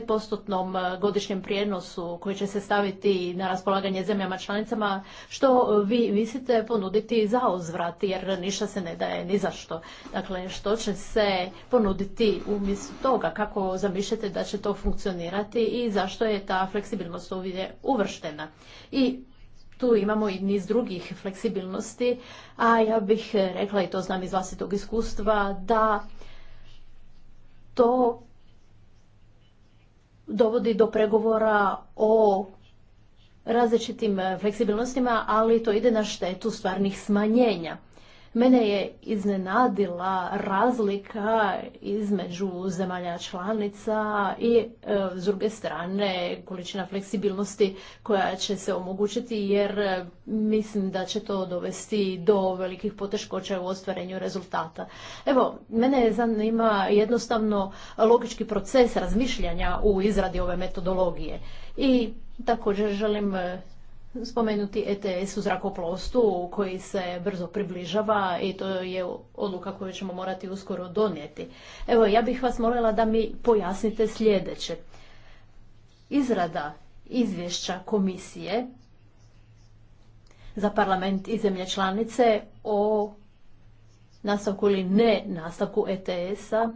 5% e, godišnjem prijenosu koji će se staviti na raspolaganje zemljama članicama, što e, vi mislite ponuditi za uzvrat, jer ništa se ne daje ni zašto. Dakle, što će se ponuditi umjesto toga, kako zamišljate da će to funkcionirati i zašto je ta fleksibilnost ovdje uvrštena. I tu imamo i niz drugih fleksibilnosti, a ja bih rekla, i to znam iz vlastitog iskustva, da to dovodi do pregovora o različitim e, fleksibilnostima, ali to ide na štetu stvarnih smanjenja. Mene je iznenadila razlika između zemalja članica i e, s druge strane količina fleksibilnosti koja će se omogućiti jer e, mislim da će to dovesti do velikih poteškoća u ostvarenju rezultata. Evo, mene zanima jednostavno logički proces razmišljanja u izradi ove metodologije i također želim e, spomenuti ETS u zrakoplostu koji se brzo približava i to je odluka koju ćemo morati uskoro donijeti. Evo, ja bih vas molila da mi pojasnite sljedeće. Izrada izvješća komisije za parlament i zemlje članice o nastavku ili ne nastavku ETS-a.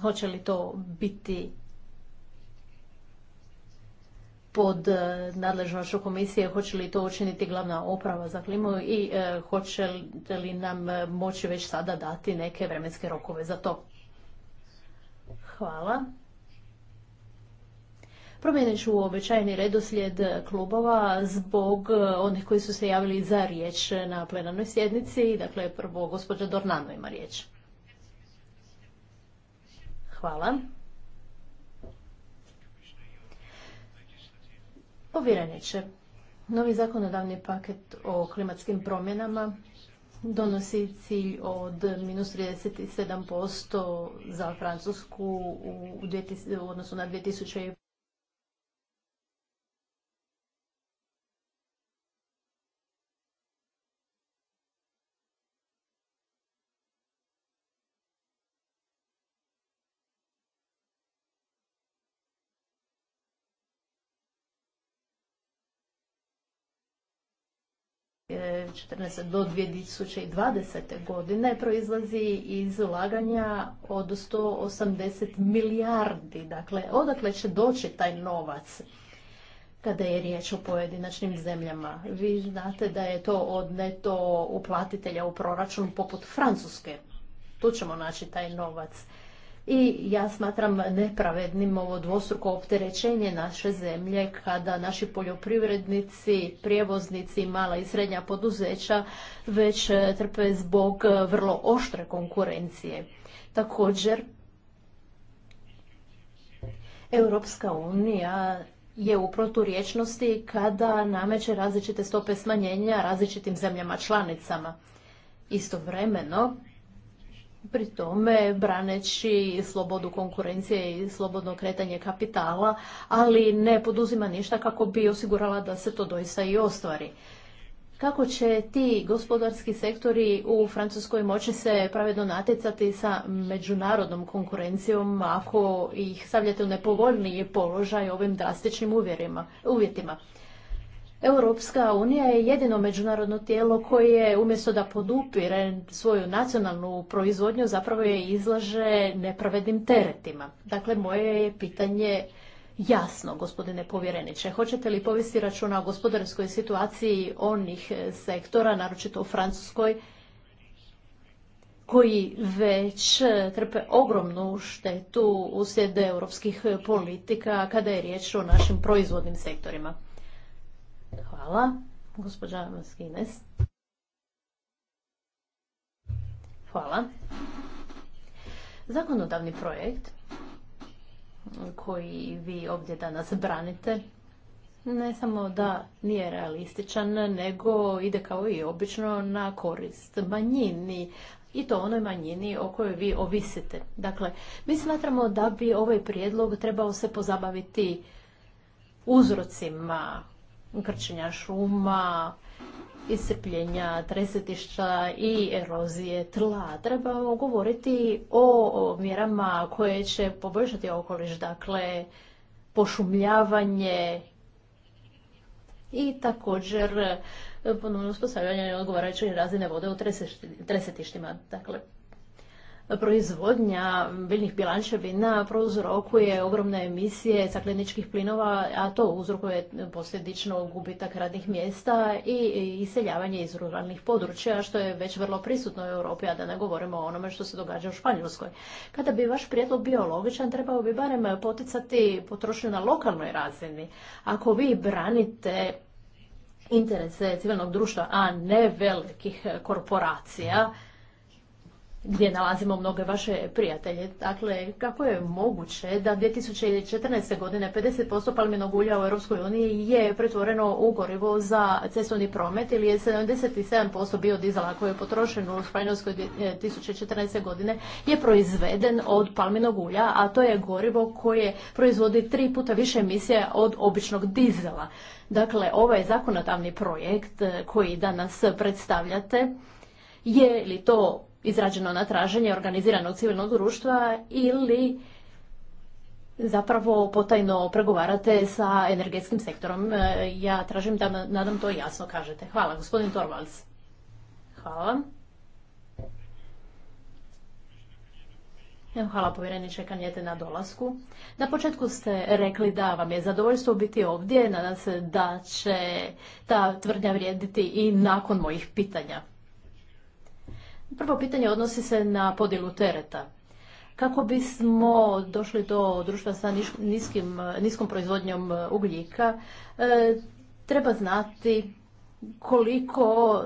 Hoće li to biti pod e, nadležnošću komisije, hoće li to učiniti glavna oprava za klimu i e, hoće li nam e, moći već sada dati neke vremenske rokove za to. Hvala. Promijenit ću uobičajeni redoslijed klubova zbog onih koji su se javili za riječ na plenarnoj sjednici. Dakle, prvo gospođa Dornano ima riječ. Hvala. Povjereniče, novi zakonodavni paket o klimatskim promjenama donosi cilj od minus 37% za Francusku u, odnosu na 2000 2014. do 2020. godine proizlazi iz ulaganja od 180 milijardi. Dakle, odakle će doći taj novac? kada je riječ o pojedinačnim zemljama. Vi znate da je to od neto uplatitelja u proračun poput Francuske. Tu ćemo naći taj novac. I ja smatram nepravednim ovo dvostruko opterećenje naše zemlje kada naši poljoprivrednici, prijevoznici, mala i srednja poduzeća već e, trpe zbog e, vrlo oštre konkurencije. Također, Europska unija je u proturječnosti kada nameće različite stope smanjenja različitim zemljama članicama. Istovremeno, pri tome braneći slobodu konkurencije i slobodno kretanje kapitala, ali ne poduzima ništa kako bi osigurala da se to doista i ostvari. Kako će ti gospodarski sektori u Francuskoj moći se pravedno natjecati sa međunarodnom konkurencijom ako ih stavljate u nepovoljniji položaj ovim drastičnim uvjerima, uvjetima? Europska unija je jedino međunarodno tijelo koje umjesto da podupire svoju nacionalnu proizvodnju zapravo je izlaže nepravednim teretima. Dakle, moje je pitanje jasno, gospodine povjereniče. Hoćete li povesti računa o gospodarskoj situaciji onih sektora, naročito u Francuskoj, koji već trpe ogromnu štetu uslijed europskih politika kada je riječ o našim proizvodnim sektorima? Hvala, gospođa Maskines. Hvala. Zakonodavni projekt koji vi ovdje danas branite ne samo da nije realističan, nego ide kao i obično na korist manjini i to onoj manjini o kojoj vi ovisite. Dakle, mi smatramo da bi ovaj prijedlog trebao se pozabaviti uzrocima krčenja šuma, iscrpljenja tresetišta i erozije tla. Trebamo govoriti o mjerama koje će poboljšati okoliš, dakle pošumljavanje i također ponovno uspostavljanje odgovarajuće razine vode u tresetištima. Dakle, proizvodnja biljnih pilančevina prouzrokuje ogromne emisije stakleničkih plinova, a to uzrokuje posljedično gubitak radnih mjesta i iseljavanje iz ruralnih područja, što je već vrlo prisutno u Europi, a da ne govorimo o onome što se događa u Španjolskoj. Kada bi vaš prijedlog bio logičan, trebao bi barem poticati potrošnju na lokalnoj razini. Ako vi branite interese civilnog društva, a ne velikih korporacija, gdje nalazimo mnoge vaše prijatelje. Dakle, kako je moguće da 2014. godine 50% palminog ulja u Europskoj uniji je pretvoreno u gorivo za cestovni promet ili je 77% biodizela koji je potrošen u Španjolskoj 2014. godine je proizveden od palminog ulja, a to je gorivo koje proizvodi tri puta više emisije od običnog dizela. Dakle, ovaj zakonodavni projekt koji danas predstavljate, je li to izrađeno na traženje organiziranog civilnog društva ili zapravo potajno pregovarate sa energetskim sektorom. E, ja tražim da nadam to jasno kažete. Hvala, gospodin Torvalds. Hvala. Hvala povjereni čekanjete na dolasku. Na početku ste rekli da vam je zadovoljstvo biti ovdje. Nadam se da će ta tvrdnja vrijediti i nakon mojih pitanja. Prvo pitanje odnosi se na podjelu tereta. Kako bismo došli do društva sa niskim, niskom proizvodnjom e, ugljika, e, treba znati koliko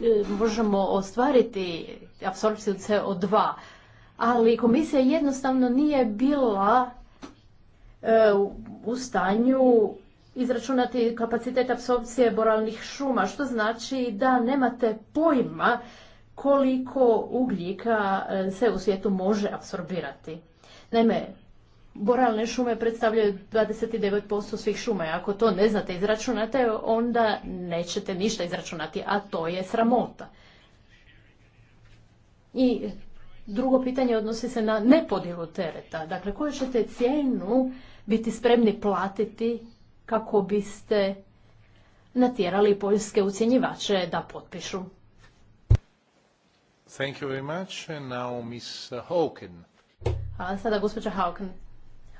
e, možemo ostvariti apsorpciju CO2, ali komisija jednostavno nije bila u stanju izračunati kapacitet apsorpcije boralnih šuma, što znači da nemate pojma koliko ugljika e, se u svijetu može apsorbirati. Naime, boralne šume predstavljaju 29% svih šuma. Ako to ne znate izračunate, onda nećete ništa izračunati, a to je sramota. I drugo pitanje odnosi se na nepodjelu tereta. Dakle, koju ćete cijenu biti spremni platiti kako biste natjerali poljske ucjenjivače da potpišu Thank you very much. And now Miss Hawken. Hvala sada gospođa Hawken.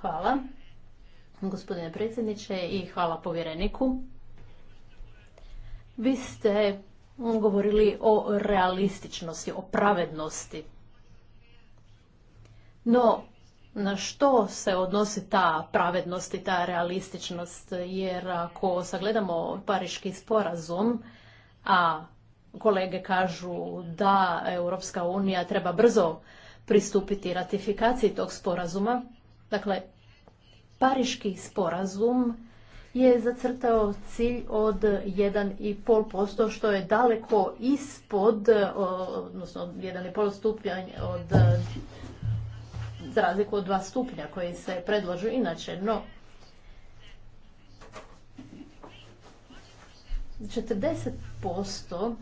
Hvala gospodine predsjedniče i hvala povjereniku. Vi ste govorili o realističnosti, o pravednosti. No, na što se odnosi ta pravednost i ta realističnost? Jer ako sagledamo Pariški sporazum, a kolege kažu da Europska unija treba brzo pristupiti ratifikaciji tog sporazuma. Dakle, Pariški sporazum je zacrtao cilj od 1,5%, što je daleko ispod, odnosno 1,5 stupnja od za razliku od dva stupnja koji se predlažu inače, no 40%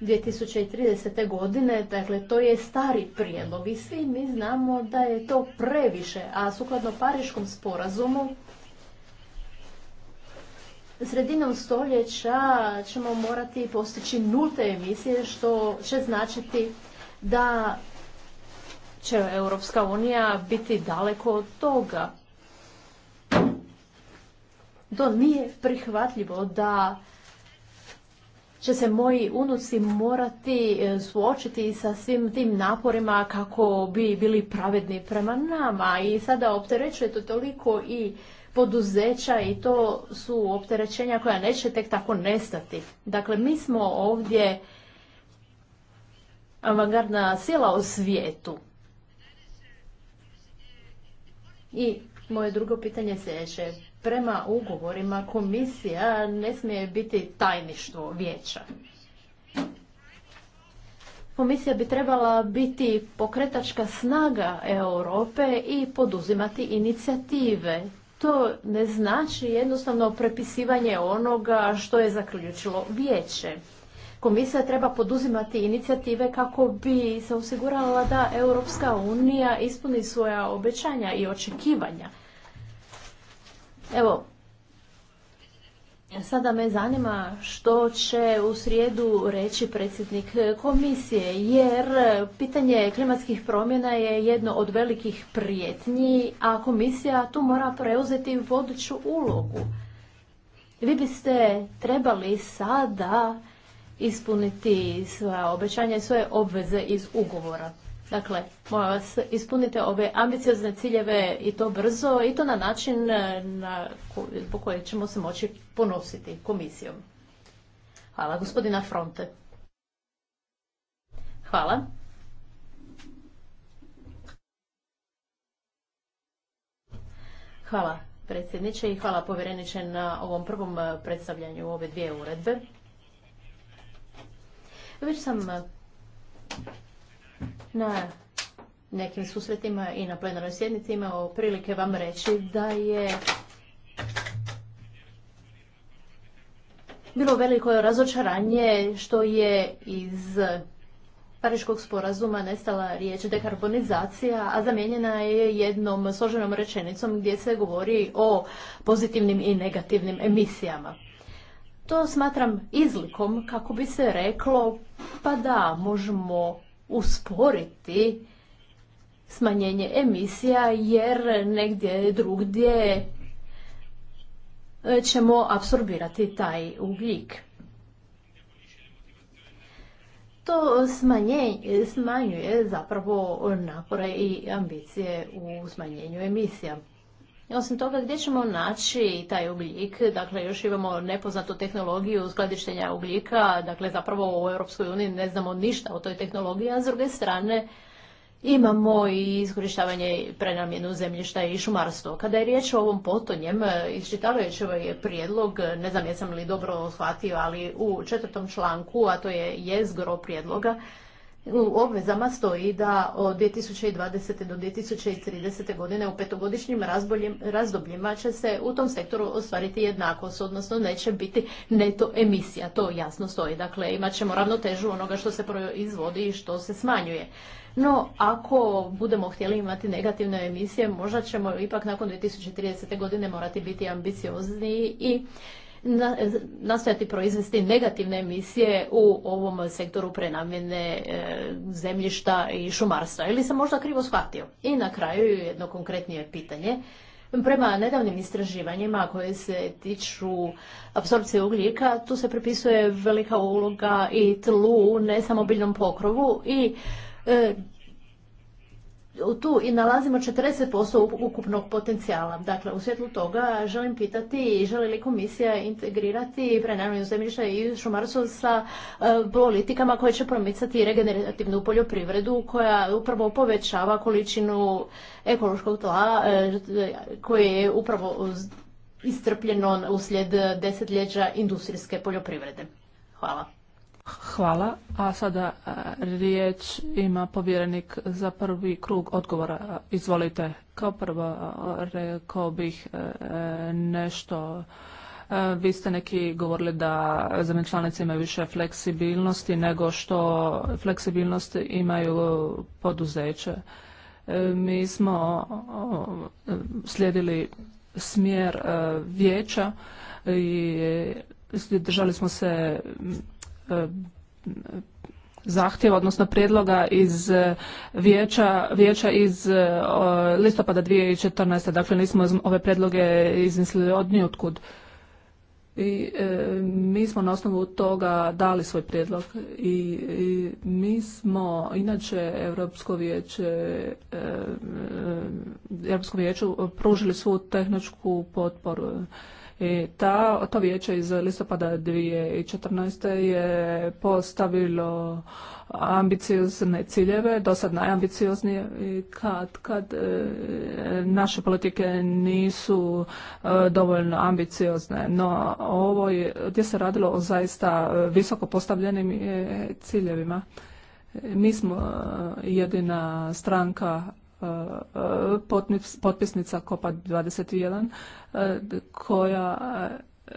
2030. godine, dakle to je stari prijedlog i svi mi znamo da je to previše, a sukladno Pariškom sporazumu sredinom stoljeća ćemo morati postići nulte emisije što će značiti da će Europska unija biti daleko od toga. To nije prihvatljivo da će se moji unuci morati e, suočiti sa svim tim naporima kako bi bili pravedni prema nama. I sada opterećuje to toliko i poduzeća i to su opterećenja koja neće tek tako nestati. Dakle, mi smo ovdje avangardna sila u svijetu. I moje drugo pitanje je sljedeće prema ugovorima komisija ne smije biti tajništvo vijeća. Komisija bi trebala biti pokretačka snaga Europe i poduzimati inicijative. To ne znači jednostavno prepisivanje onoga što je zaključilo vijeće. Komisija treba poduzimati inicijative kako bi se osigurala da Europska unija ispuni svoja obećanja i očekivanja. Evo, sada me zanima što će u srijedu reći predsjednik komisije, jer pitanje klimatskih promjena je jedno od velikih prijetnji, a komisija tu mora preuzeti vodeću ulogu. Vi biste trebali sada ispuniti svoje obećanja i svoje obveze iz ugovora. Dakle, molim vas, ispunite ove ambiciozne ciljeve i to brzo i to na način e, na po kojem ćemo se moći ponositi komisijom. Hvala, gospodina Fronte. Hvala. Hvala predsjedniče i hvala povjereniče na ovom prvom e, predstavljanju ove dvije uredbe. Već sam na nekim susretima i na plenarnoj sjednici imao prilike vam reći da je bilo veliko razočaranje što je iz Pariškog sporazuma nestala riječ dekarbonizacija, a zamijenjena je jednom složenom rečenicom gdje se govori o pozitivnim i negativnim emisijama. To smatram izlikom kako bi se reklo, pa da, možemo usporiti smanjenje emisija jer negdje drugdje e, ćemo apsorbirati taj ugljik. To smanjuje zapravo napore i ambicije u smanjenju emisija. Osim toga, gdje ćemo naći taj ugljik? Dakle, još imamo nepoznatu tehnologiju skladištenja ugljika. Dakle, zapravo u Europskoj uniji ne znamo ništa o toj tehnologiji, a s druge strane imamo i iskorištavanje prenamjenu zemljišta i šumarstvo. Kada je riječ o ovom potonjem, iščitavajući ovaj prijedlog, ne znam jesam li dobro shvatio, ali u četvrtom članku, a to je jezgro prijedloga, u obvezama stoji da od 2020. do 2030. godine u petogodišnjim razdobljima će se u tom sektoru ostvariti jednakost, odnosno neće biti neto emisija, to jasno stoji. Dakle, imat ćemo ravnotežu onoga što se proizvodi i što se smanjuje. No, ako budemo htjeli imati negativne emisije, možda ćemo ipak nakon 2030. godine morati biti ambiciozniji i nastojati proizvesti negativne emisije u ovom sektoru prenamjene e, zemljišta i šumarstva. Ili sam možda krivo shvatio? I na kraju jedno konkretnije pitanje. Prema nedavnim istraživanjima koje se tiču apsorpcije ugljika, tu se prepisuje velika uloga i tlu, ne samo biljnom pokrovu i e, tu i nalazimo 40% ukupnog potencijala. Dakle, u svjetlu toga želim pitati želi li komisija integrirati prenamjenu zemljišta i šumarstvo sa e, politikama koje će promicati regenerativnu poljoprivredu koja upravo povećava količinu ekološkog tla e, koje je upravo istrpljeno uslijed desetljeća industrijske poljoprivrede. Hvala. Hvala. A sada e, riječ ima povjerenik za prvi krug odgovora. Izvolite. Kao prvo e, rekao bih e, nešto vi ste neki govorili da zemlje članice imaju više fleksibilnosti nego što fleksibilnost imaju poduzeće. Mi smo slijedili smjer vijeća i držali smo se E, zahtjeva, odnosno prijedloga iz e, vijeća, vijeća iz e, listopada 2014. Dakle, nismo ove predloge izmislili od njutkud I mi smo na osnovu toga dali svoj prijedlog i, mi smo inače Europsko vijeće Europskom vijeću pružili svu tehničku potporu i ta, to vijeće iz listopada 2014. je postavilo ambiciozne ciljeve, do sad najambicioznije, kad, kad e, naše politike nisu e, dovoljno ambiciozne. No ovo je, gdje se radilo o zaista e, visoko postavljenim ciljevima. Mi smo jedina stranka potpisnica COPA 21 eh, koja eh, eh,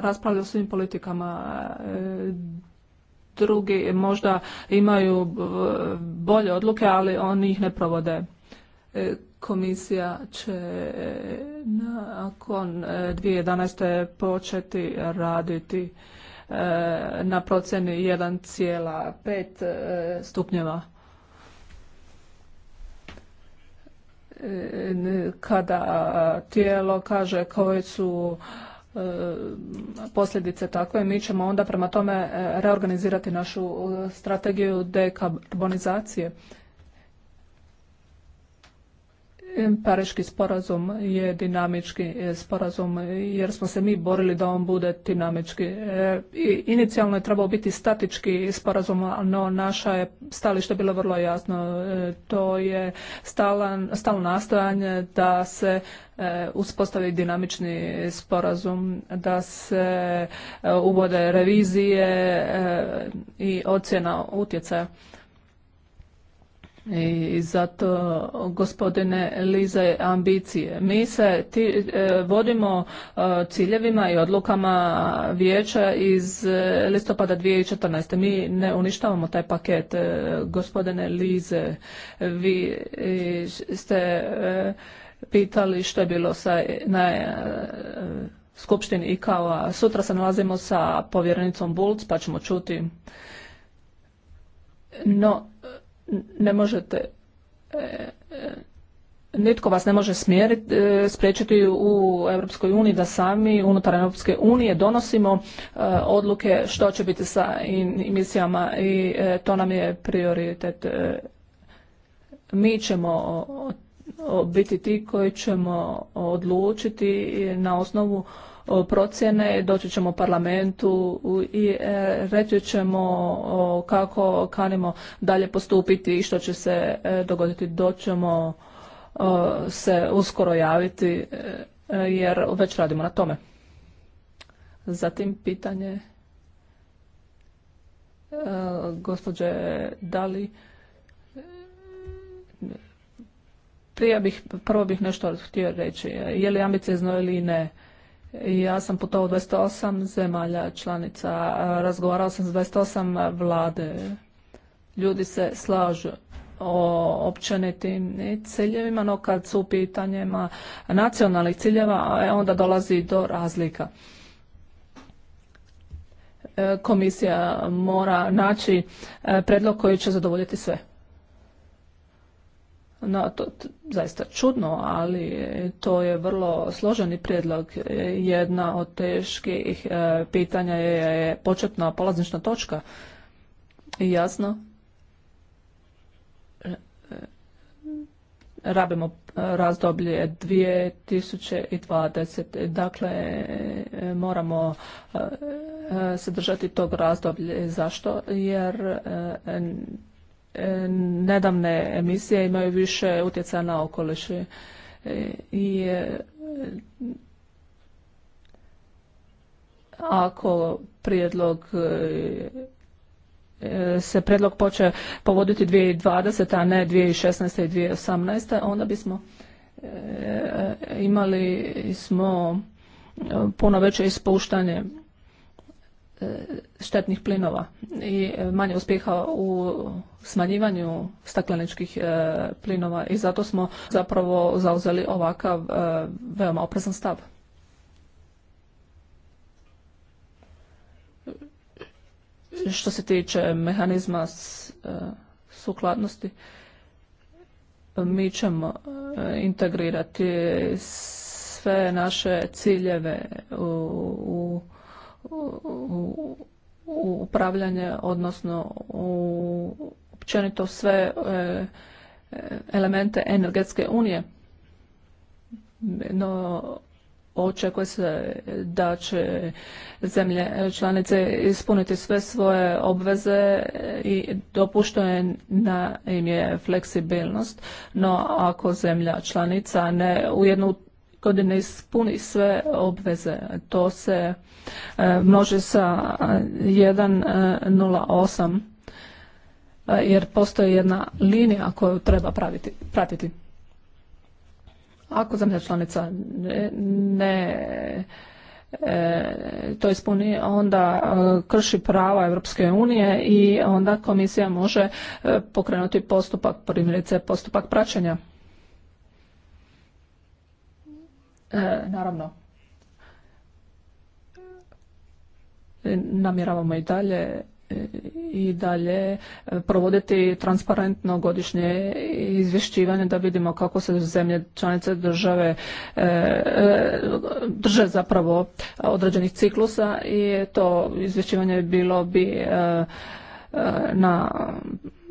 raspravlja o svim politikama drugi možda imaju bolje odluke, ali oni ih ne provode. Komisija će nakon 2011. početi raditi na procjeni 1,5 stupnjeva. kada tijelo kaže koje su e, posljedice takve, mi ćemo onda prema tome e, reorganizirati našu e, strategiju dekarbonizacije Pariški sporazum je dinamički e, sporazum jer smo se mi borili da on bude dinamički. E, inicijalno je trebao biti statički sporazum, no naša je stalište bilo vrlo jasno. E, to je stalno nastojanje da se uspostavi dinamični sporazum, da se uvode revizije i ocjena utjecaja. I zato, gospodine Lize, ambicije. Mi se ti, e, vodimo e, ciljevima i odlukama vijeća iz e, listopada 2014. Mi ne uništavamo taj paket. Gospodine Lize, vi ste pitali što je bilo sa na, skupštini i kao sutra se nalazimo sa povjerenicom Bulc pa ćemo čuti. No, ne možete e, e, nitko vas ne može smjeriti, e, spriječiti u Europskoj uniji da sami unutar Europske unije donosimo odluke što će biti sa emisijama i to nam je prioritet. Mi ćemo biti ti koji ćemo odlučiti na osnovu procjene, doći ćemo u parlamentu i e, reći ćemo kako kanimo dalje postupiti i što će se e, dogoditi. Doćemo se uskoro javiti e, jer već radimo na tome. Zatim pitanje gospođe Dali. Prije bih, prvo bih nešto htio reći. Je li ambiciozno ili ne? Ja sam putovao u 28 zemalja članica, razgovarao sam s 28 vlade. Ljudi se slažu o općenitim ciljevima, no kad su u pitanjima nacionalnih ciljeva, e, onda dolazi do razlika. E, komisija mora naći e, predlog koji će zadovoljiti sve. No, to zaista čudno, ali e, to je vrlo složeni prijedlog. E, jedna od teških e, pitanja je početna polaznična točka. I jasno, rabimo razdoblje 2020. Dakle, moramo se držati tog razdoblja. Zašto? Jer E, nedavne emisije imaju više utjecaja na okoliš e, i e, ako prijedlog se prijedlog počeo povoditi 2020. a ne 2016. i 2018. onda bismo imali smo puno veće ispuštanje E, štetnih plinova i e, manje uspjeha u smanjivanju stakleničkih e, plinova i zato smo zapravo zauzeli ovakav veoma oprezan stav. Što se tiče mehanizma sukladnosti, mi ćemo integrirati sve naše ciljeve u u upravljanje, odnosno u općenito sve e, e, elemente energetske unije. No, očekuje se da će zemlje članice ispuniti sve svoje obveze i na im je fleksibilnost, no ako zemlja članica ne u jednu godine ispuni sve obveze. To se e, množi sa 1.08 e, e, jer postoji jedna linija koju treba pratiti. Ako zemlja članica ne, to ispuni onda krši prava Europske unije i onda komisija može pokrenuti postupak, primjerice postupak praćenja. E, naravno e, namjeravamo i dalje e, i dalje provoditi transparentno godišnje izvješćivanje da vidimo kako se zemlje članice države drže zapravo određenih ciklusa i to izvješćivanje bilo bi na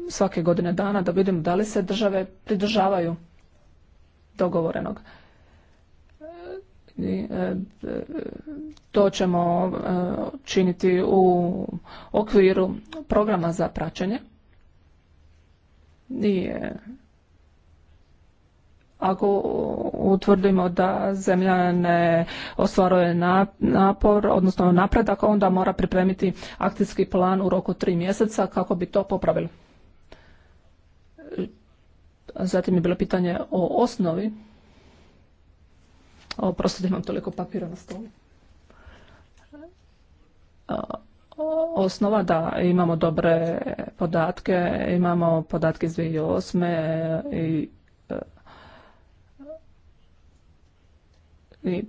svake godine dana da vidimo da li se države pridržavaju dogovorenog. E, to ćemo e, činiti u okviru programa za praćenje. I e, ako utvrdimo da zemlja ne ostvaruje napor, odnosno napredak, onda mora pripremiti akcijski plan u roku tri mjeseca kako bi to popravili. Zatim je bilo pitanje o osnovi da imam toliko papira na stolu. Osnova da imamo dobre podatke, imamo podatke iz 2008. E, i i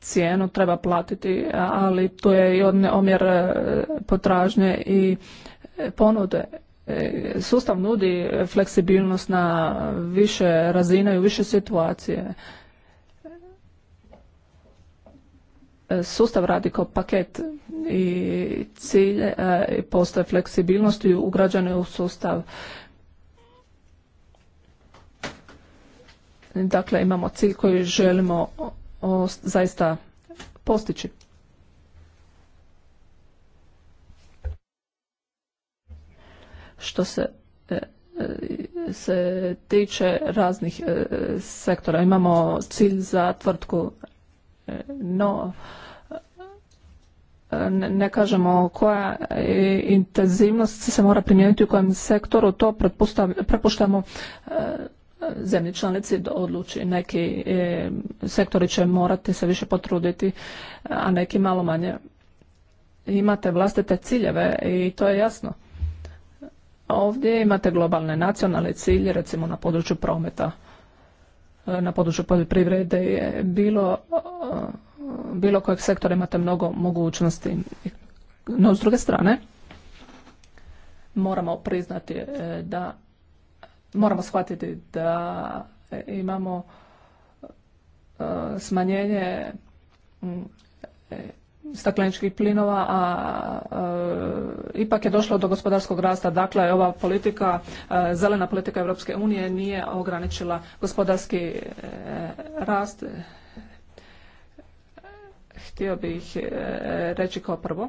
cijenu treba platiti, ali to je i omjer e, potražnje i e, ponude. Sustav nudi fleksibilnost na više razina i u više situacije. sustav radi kao paket i cilj e, postoje fleksibilnost i ugrađene u sustav. Dakle, imamo cilj koji želimo zaista postići. Što se e, e, se tiče raznih sektora. Imamo cilj za tvrtku no ne kažemo koja intenzivnost se mora primijeniti u kojem sektoru, to prepuštamo eh, zemlji članici odluči. Neki eh, sektori će morati se više potruditi, a neki malo manje. Imate vlastite ciljeve i to je jasno. Ovdje imate globalne nacionalne cilje, recimo na području prometa na području poljoprivrede je bilo bilo kojeg sektora imate mnogo mogućnosti. No, s druge strane, moramo priznati e, da moramo shvatiti da imamo e, smanjenje e, stakleničkih plinova, a, ipak je došlo do gospodarskog rasta. Dakle, ova politika, zelena politika Europske unije nije ograničila gospodarski e, rast. Htio bih e, reći kao prvo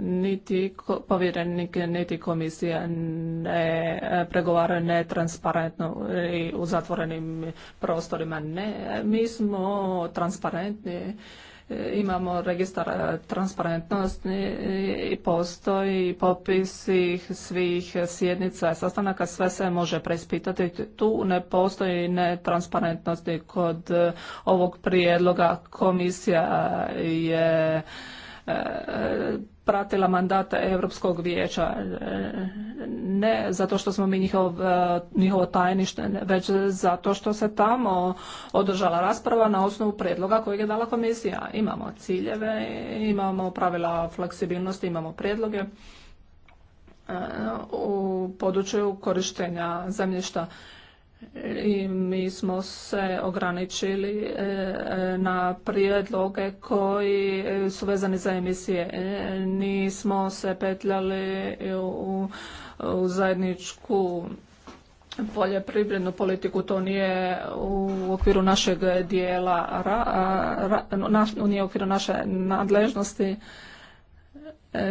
niti povjerenik, niti komisija ne e, pregovaraju netransparentno i u zatvorenim prostorima. Ne, mi smo transparentni, e, imamo registar transparentnosti i postoji popis svih sjednica, sastanaka, sve se može preispitati. Tu ne postoji netransparentnosti kod ovog prijedloga. Komisija je e, pratila mandata Europskog vijeća. E, ne zato što smo mi e, njihovo tajnište, već zato što se tamo održala rasprava na osnovu predloga kojeg je dala komisija. Imamo ciljeve, imamo pravila fleksibilnosti, imamo predloge e, u području korištenja zemljišta i mi smo se ograničili e, e, na prijedloge koji su vezani za emisije. E, nismo se petljali u, u zajedničku poljoprivrednu politiku, to nije u okviru našeg dijela, nije u okviru naše nadležnosti.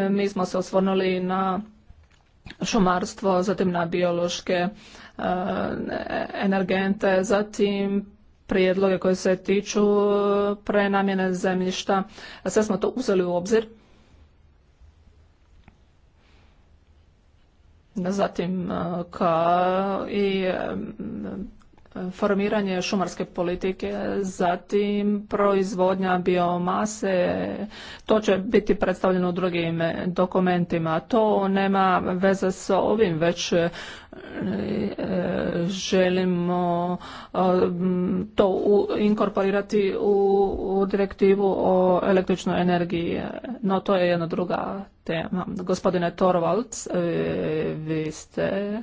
Mi smo se osvrnuli na šumarstvo, zatim na biološke E, energente, zatim prijedloge koje se tiču prenamjene zemljišta. Sve smo to uzeli u obzir. Zatim e, ka i e, formiranje šumarske politike, zatim proizvodnja biomase, to će biti predstavljeno u drugim dokumentima. To nema veze s ovim, već e, želimo e, to inkorporirati u direktivu o električnoj energiji, no to je jedna druga tema. Gospodine Torvalds, e, vi ste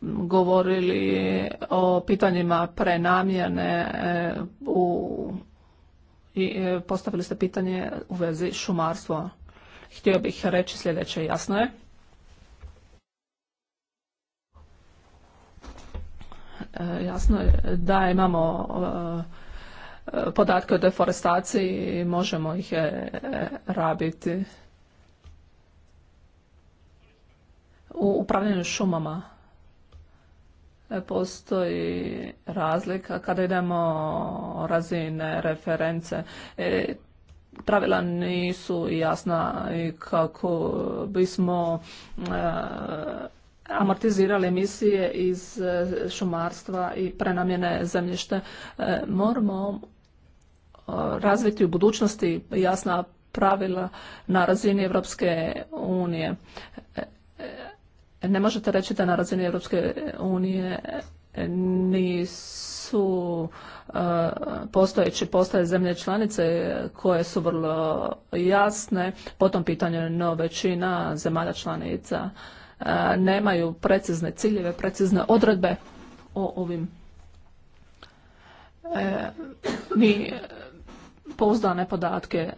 govorili o pitanjima prenamjene e, u i e, postavili ste pitanje u vezi šumarstva. Htio bih reći sljedeće, jasno je. E, jasno je da imamo podatke o deforestaciji i možemo ih rabiti U upravljanju šumama e, postoji razlika kada idemo razine reference. E, pravila nisu jasna i kako bismo e, amortizirali emisije iz šumarstva i prenamjene zemljište. moramo razviti u budućnosti jasna pravila na razini Europske unije. Ne možete reći da na razini Europske unije nisu e, postojeći postoje zemlje članice koje su vrlo jasne po tom pitanju, no većina zemalja članica e, nemaju precizne ciljeve, precizne odredbe o ovim. E, ni pouzdane podatke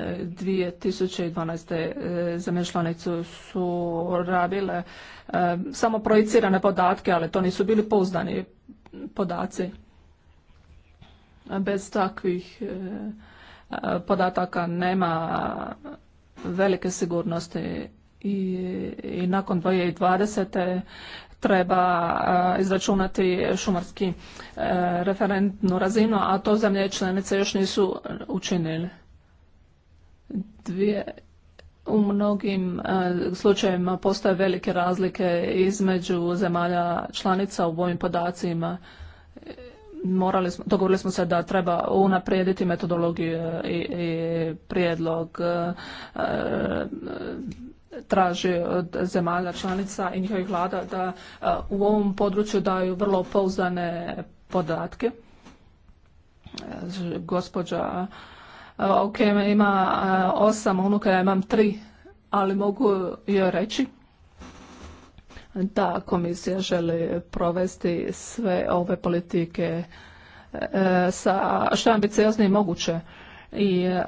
2012. E, zemlje mješlanicu su radile e, samo projicirane podatke, ali to nisu bili pouzdani podaci. Bez takvih e, podataka nema velike sigurnosti i, i nakon 2020. treba izračunati šumarski referentnu razinu, a to zemlje članice još nisu učinili. Dvije, u mnogim e, slučajevima postoje velike razlike između zemalja članica u ovim podacima. E, morali smo, dogovorili smo se da treba unaprijediti metodologiju e, i, i prijedlog traži od zemalja članica i njihovih vlada da u ovom području daju vrlo pouzdane podatke. Gospođa Ok, ima osam unuka, ja imam tri, ali mogu joj reći da komisija želi provesti sve ove politike e, sa što ambicioznije moguće i e,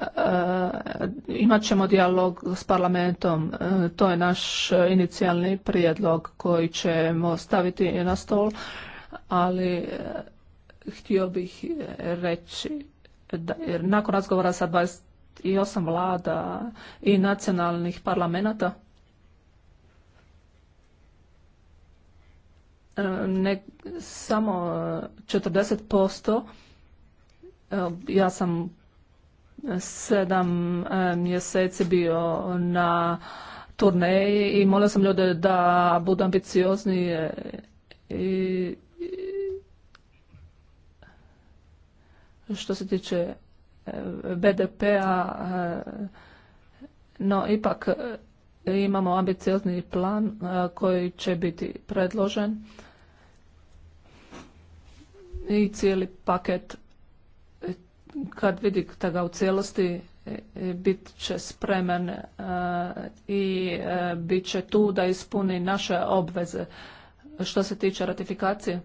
imat ćemo dijalog s parlamentom. E, to je naš inicijalni prijedlog koji ćemo staviti na stol, ali htio bih reći jer nakon razgovora sa 28 vlada i nacionalnih parlamenta e, ne, samo 40%, e, e, ja sam sedam mjeseci bio na turneji i molio sam ljude da budu ambiciozni i što se tiče e, BDP-a, e, no ipak e, imamo ambiciozni plan koji će biti predložen i cijeli paket kad vidite ga u cijelosti bit će spremen i bit će tu da ispuni naše obveze. Što se tiče ratifikacije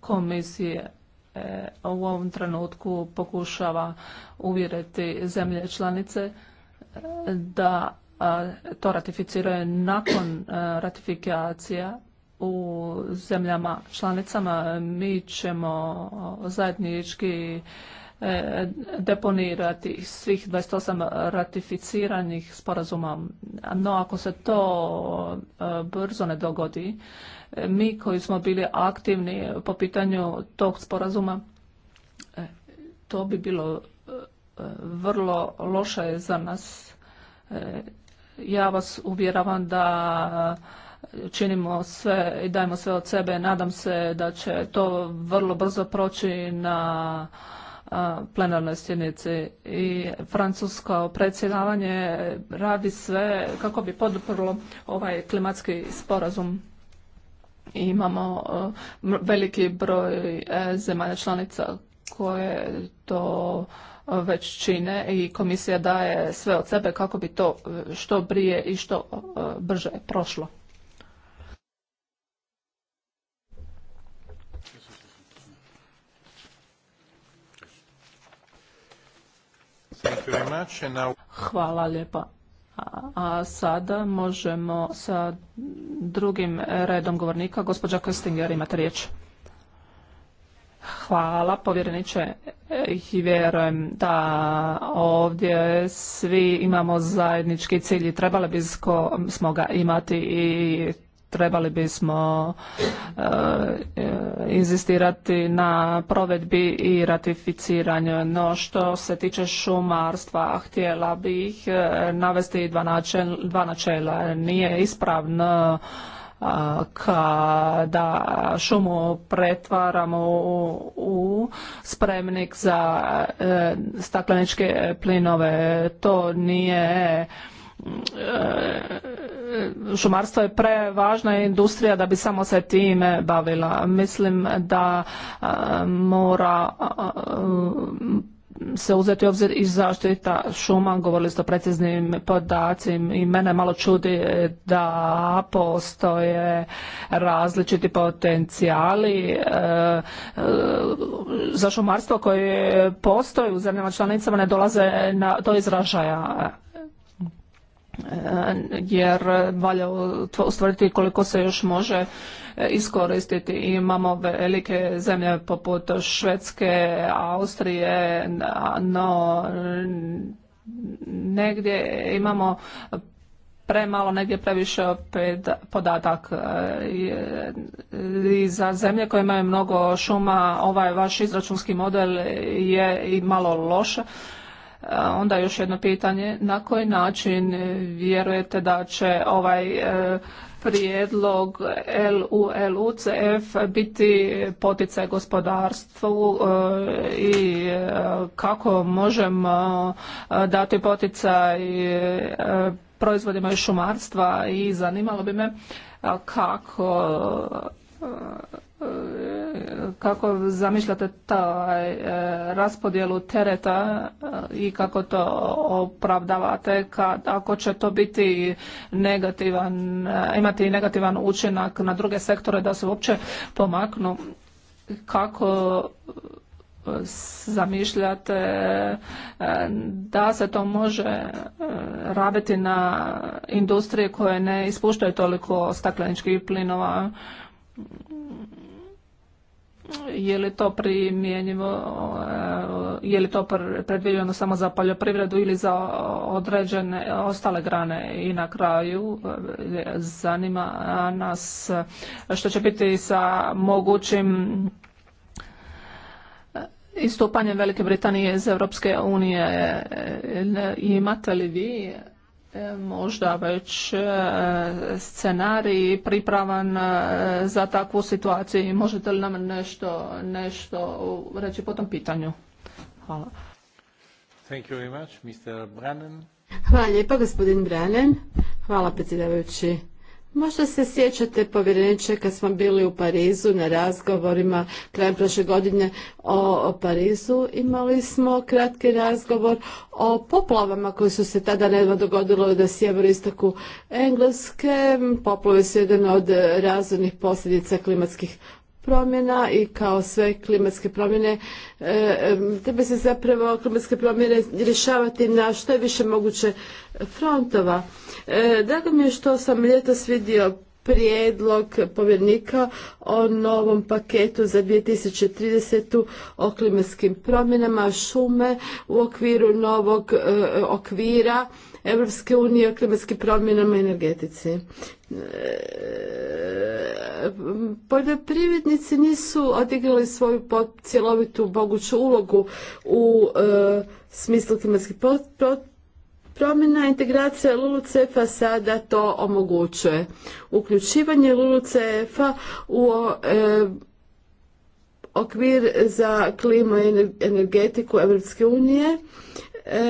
komisije E, u ovom trenutku pokušava uvjeriti zemlje članice e, da to ratificiraju nakon e, ratifikacija u zemljama članicama. Mi ćemo zajednički deponirati svih 28 ratificiranih sporazuma. No ako se to brzo ne dogodi, mi koji smo bili aktivni po pitanju tog sporazuma, e, to bi bilo e, vrlo loše za nas. E, ja vas uvjeravam da činimo sve i dajemo sve od sebe. Nadam se da će to vrlo brzo proći na plenarnoj sjednici i francusko predsjedavanje radi sve kako bi podprlo ovaj klimatski sporazum imamo eh, veliki broj eh, zemalja članica koje to eh, već čine i komisija daje sve od sebe kako bi to što prije i što brže prošlo. Hvala lijepa. A sada možemo sa drugim redom govornika. Gospođa Köstinger, imate riječ. Hvala, povjereniče. I vjerujem da ovdje svi imamo zajednički cilj i trebali bismo ga imati i trebali bismo eh, inzistirati na provedbi i ratificiranju. No što se tiče šumarstva, htjela bih eh, navesti dva, načela. Nije ispravno eh, kada šumu pretvaramo u, u spremnik za stakleničke plinove. To nije Mm, e, e, šumarstvo je prevažna industrija da bi samo se time bavila. Mislim da e, mora se uzeti u obzir i zaštita šuma, govorili ste o preciznim podacima i mene malo čudi da postoje različiti potencijali za šumarstvo koje postoji u zemljama članicama ne dolaze do izražaja jer valja ustvrditi koliko se još može iskoristiti. Imamo velike zemlje poput Švedske, Austrije, no negdje imamo premalo, negdje previše podatak. I za zemlje koje imaju mnogo šuma, ovaj vaš izračunski model je i malo loš Onda još jedno pitanje, na koji način e, vjerujete da će ovaj e, prijedlog LULUCF biti poticaj gospodarstvu e, i kako možemo dati poticaj proizvodima iz šumarstva i zanimalo bi me kako kako zamišljate ta e, raspodjelu tereta e, i kako to opravdavate ako će to biti negativan, e, imati negativan učinak na druge sektore da se uopće pomaknu kako zamišljate da se to može raditi na industrije koje ne ispuštaju toliko stakleničkih plinova je li to primjenjivo, e, je li to predviđeno samo za poljoprivredu ili za određene ostale grane i na kraju e, zanima nas što će biti sa mogućim e, istupanjem Velike Britanije iz Europske unije. Imate li vi E, možda već e, scenarij pripravan e, za takvu situaciju. Možete li nam nešto, nešto reći po tom pitanju? Hvala. Thank you very much, Mr. Hvala lijepa, gospodin Branen. Hvala, predsjedavajući. Možda se sjećate povjereniče kad smo bili u Parizu na razgovorima krajem prošle godine o, Parizu. Imali smo kratki razgovor o poplavama koje su se tada nedavno dogodile na sjeveroistoku Engleske. Poplave su jedan od razvojnih posljedica klimatskih promjena i kao sve klimatske promjene e, treba se zapravo klimatske promjene rješavati na što je više moguće frontova. E, drago mi je što sam ljetos vidio prijedlog povjernika o novom paketu za 2030. o klimatskim promjenama šume u okviru novog e, okvira Europske unije o klimatskim promjenama i energetici. E, poljoprivrednici nisu odigrali svoju cjelovitu moguću ulogu u e, smislu klimatskih Promjena integracija lulucf a sada to omogućuje. Uključivanje lulucf a u e, okvir za klimu i energetiku Europske unije E,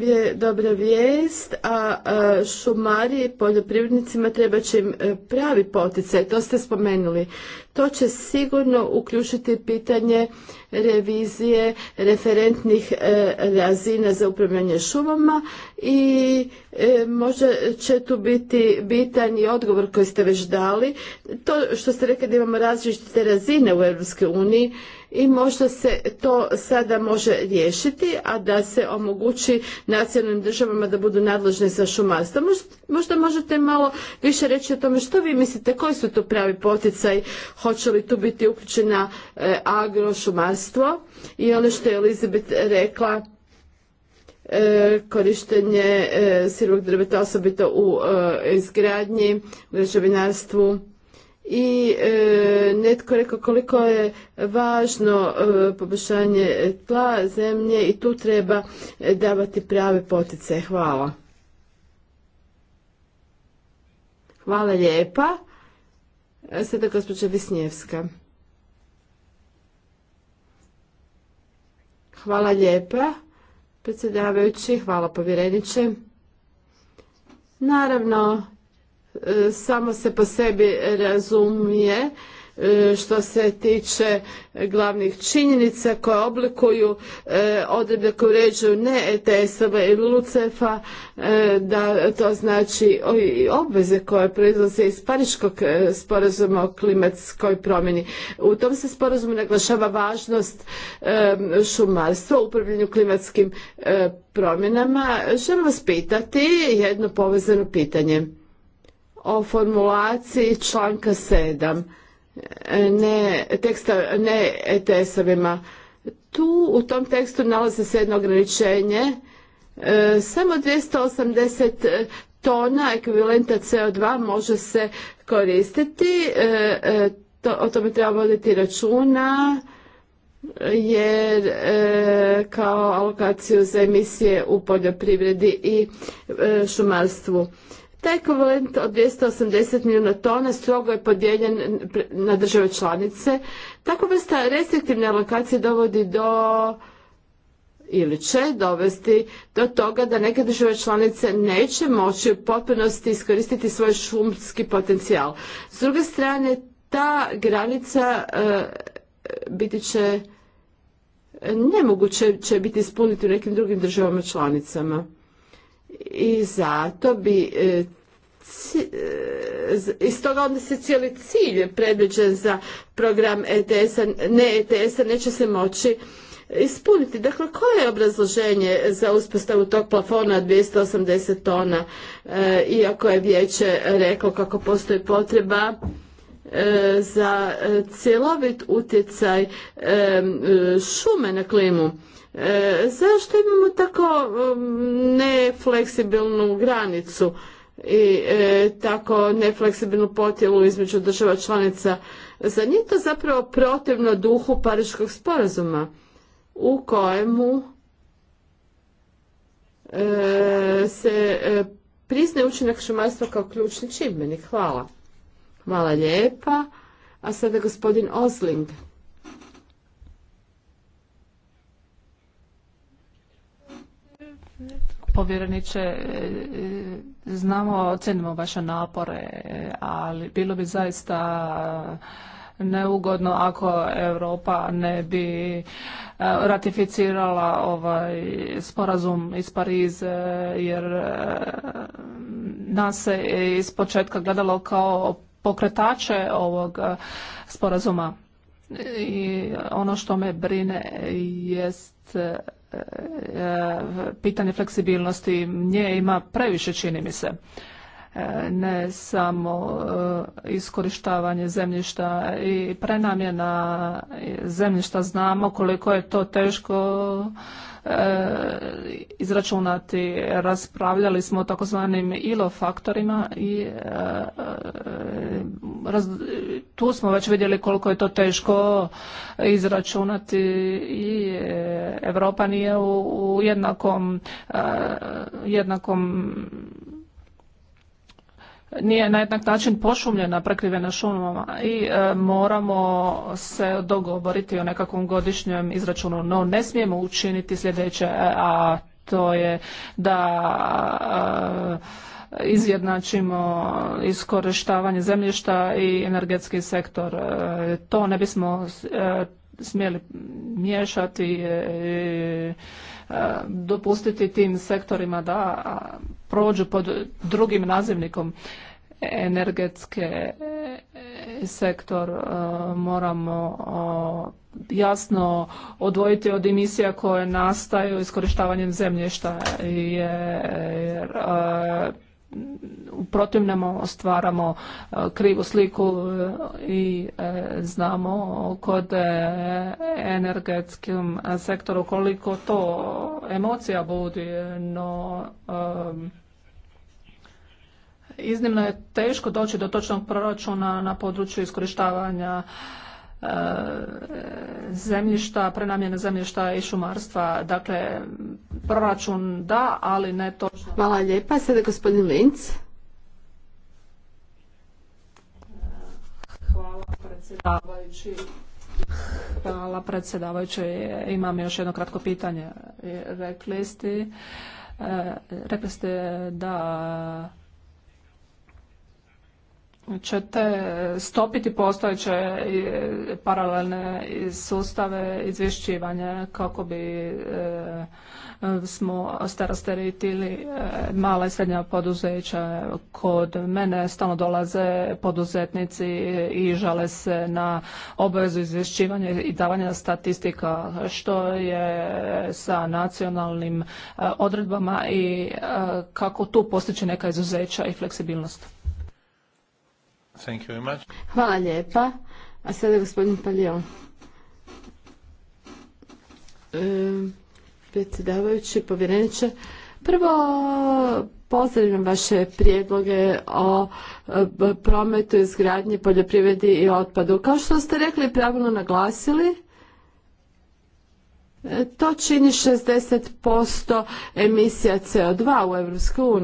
je dobra vijest, a šumari poljoprivrednicima treba će im e, pravi poticaj, to ste spomenuli. To će sigurno uključiti pitanje revizije referentnih e, razina za upravljanje šumama i možda će tu biti bitan i odgovor koji ste već dali. To što ste rekli da imamo različite razine u EU, i možda se to sada može riješiti, a da se omogući nacionalnim državama da budu nadležne za šumarstvo. Možda možete malo više reći o tome što vi mislite, koji su to pravi poticaj, hoće li tu biti uključena agro e, agrošumarstvo i ono što je Elizabeth rekla, e, korištenje e, drveta osobito u e, izgradnji, u građevinarstvu i e, netko rekao koliko je važno e, poboljšanje tla zemlje i tu treba davati prave potice. Hvala. Hvala lijepa. Sada gospođa Visnjevska. Hvala lijepa, predsjedavajući, hvala povjereniče. Naravno, samo se po sebi razumije e, što se tiče glavnih činjenica koje oblikuju e, odredbe koje uređuju ne ETS-ove i Lucefa, e, da to znači i obveze koje proizlaze iz Pariškog sporazuma o klimatskoj promjeni. U tom se sporazumu naglašava važnost šumarstva, u upravljanju klimatskim promjenama. Želim vas pitati jedno povezano pitanje o formulaciji članka 7 e, ne, teksta, ne ETS-ovima. Tu u tom tekstu nalazi se jedno ograničenje, e, samo 280 tona ekvivalenta CO2 može se koristiti, e, o tome treba voditi računa jer kao alokaciju za emisije u poljoprivredi i šumarstvu. Taj ekvivalent od 280 milijuna tona strogo je podijeljen na države članice. Tako vrsta restriktivne alokacije dovodi do ili će dovesti do toga da neke države članice neće moći u potpunosti iskoristiti svoj šumski potencijal. S druge strane, ta granica e, biti će e, nemoguće će biti ispuniti u nekim drugim državama članicama. I zato bi e, iz e, stoga onda se cijeli cilj predviđen za program ETS-a, ne ETS-a, neće se moći ispuniti. Dakle, koje je obrazloženje za uspostavu tog plafona 280 tona, e, iako je vijeće reklo kako postoji potreba e, za cjelovit utjecaj šume na klimu? Zašto imamo tako nefleksibilnu granicu? i e, tako nefleksibilnu potjelu između država članica. Za nje to zapravo protivno duhu Pariškog sporazuma u kojemu e, se prizne priznaje učinak šumarstva kao ključni čimbenik? Hvala. Hvala lijepa. A sada gospodin Osling. povjereniče, e, znamo, ocenimo vaše napore, ali bilo bi zaista neugodno ako Europa ne bi e, ratificirala ovaj sporazum iz Parize jer e, nas se iz početka gledalo kao pokretače ovog sporazuma. I ono što me brine jest E, pitanje fleksibilnosti nje ima previše čini mi se e, ne samo e, iskorištavanje zemljišta i prenamjena zemljišta znamo koliko je to teško E, izračunati. Raspravljali smo o takozvanim ILO faktorima i e, e, tu smo već vidjeli koliko je to teško izračunati i Europa nije u jednakom jednakom nije na jednak način pošumljena, prekrivena šumama i e, moramo se dogovoriti o nekakvom godišnjem izračunu. No ne smijemo učiniti sljedeće, a to je da e, izjednačimo iskorištavanje zemljišta i energetski sektor. E, to ne bismo smjeli miješati E, dopustiti tim sektorima da prođu pod drugim nazivnikom energetske e, sektor e, moramo jasno odvojiti od emisija koje nastaju iskorištavanjem zemljišta jer u protivnom stvaramo e, krivu sliku e, i e, znamo kod energetskim sektoru koliko to emocija budi, no iznimno je teško doći do točnog proračuna na području iskorištavanja zemljišta, prenamjene zemljišta i šumarstva. Dakle, proračun da, ali ne točno. Hvala lijepa. Sada gospodin Linc. Hvala predsjedavajući. Hvala predsjedavajući. Imam još jedno kratko pitanje. Rekli ste, e, rekli ste da ćete stopiti postojeće e, paralelne sustave izvješćivanja kako bi e, smo rasteretili e, mala i srednja poduzeća. Kod mene stalno dolaze poduzetnici i žale se na obavezu izvješćivanja i davanja statistika što je sa nacionalnim odredbama i kako tu postići neka izuzeća i fleksibilnost. Thank you very much. Hvala lijepa. A sada gospodin Palio. E, predsjedavajući, povjereniče, prvo pozdravljam vaše prijedloge o e, prometu, izgradnji, poljoprivredi i otpadu. Kao što ste rekli i pravilno naglasili, e, to čini 60% emisija CO2 u EU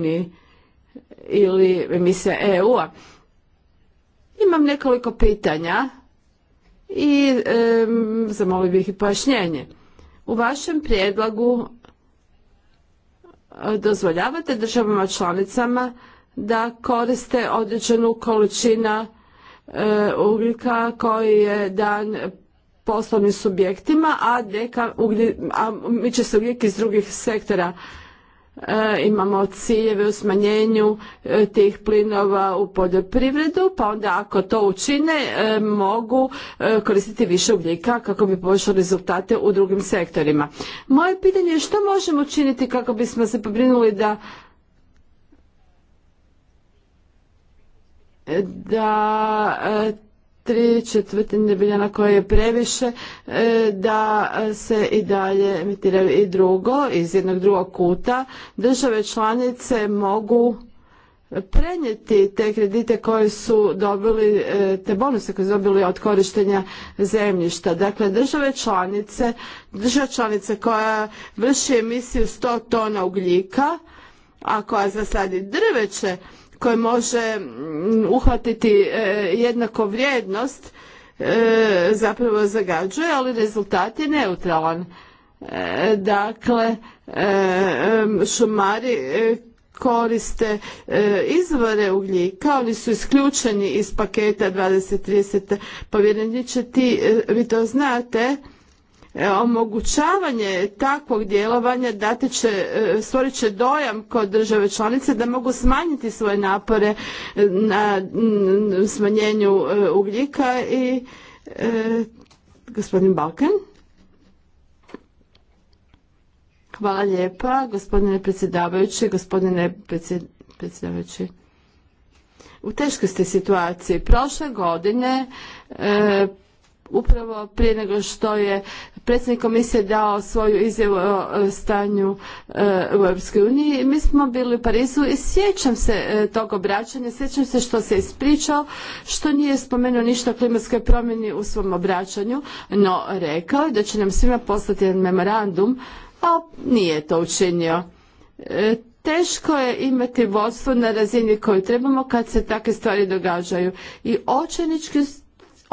ili emisija EU-a. Imam nekoliko pitanja i zamolio bih i pojašnjenje. U vašem prijedlogu e, dozvoljavate državama članicama da koriste određenu količinu e, ugljika koji je dan poslovnim subjektima, a, deka, će se ugljik iz drugih sektora. E, imamo ciljeve u smanjenju e, tih plinova u poljoprivredu, pa onda ako to učine e, mogu koristiti više ugljika kako bi poboljšali rezultate u drugim sektorima. Moje pitanje je što možemo učiniti kako bismo se pobrinuli da da tri četvrtine biljana koje je previše e, da se i dalje emitiraju i drugo iz jednog drugog kuta. Države članice mogu prenijeti te kredite koje su dobili, e, te bonuse koje su dobili od korištenja zemljišta. Dakle, države članice, država članice koja vrši emisiju 100 tona ugljika, a koja zasadi drveće, koje može mm, uhvatiti e, jednako vrijednost e, zapravo zagađuje, ali rezultat je neutralan. E, dakle, šumari koriste izvore ugljika, oni su isključeni iz paketa 2030. Povjereniče, ti, vi to znate, E, omogućavanje takvog djelovanja dati će, e, stvorit će dojam kod države članice da mogu smanjiti svoje napore e, na smanjenju ugljika i gospodin Balkan. Hvala lijepa, gospodine predsjedavajući, gospodine predsjedavajući. U teškoj ste situaciji. Prošle godine upravo prije nego što je predsjednik komisije dao svoju izjavu o stanju e, u Europskoj uniji. Mi smo bili u Parizu i sjećam se e, tog obraćanja, sjećam se što se ispričao, što nije spomenuo ništa o klimatskoj promjeni u svom obraćanju, no rekao je da će nam svima poslati jedan memorandum, a nije to učinio. E, teško je imati vodstvo na razini koju trebamo kad se takve stvari događaju. I očajnički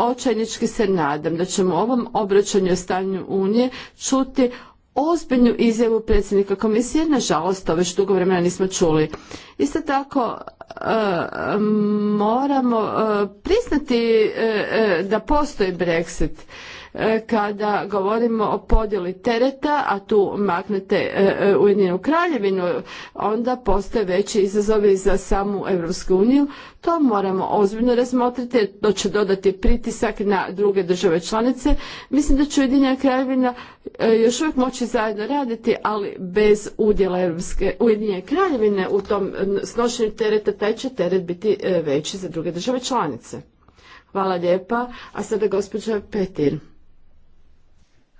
očajnički se nadam da ćemo u ovom obraćanju o stanju Unije čuti ozbiljnu izjavu predsjednika komisije, nažalost to već dugo vremena nismo čuli. Isto tako e, moramo e, priznati e, da postoji Brexit E, kada govorimo o podjeli tereta, a tu maknete e, e, Ujedinjenu kraljevinu, onda postoje veći izazovi za samu Europsku uniju. To moramo ozbiljno razmotriti jer to će dodati pritisak na druge države članice. Mislim da će Ujedinjena kraljevina još uvijek moći zajedno raditi, ali bez udjela Europske Ujedinjene kraljevine u tom snošenju tereta, taj će teret biti veći za druge države članice. Hvala lijepa. A sada gospođa Petir.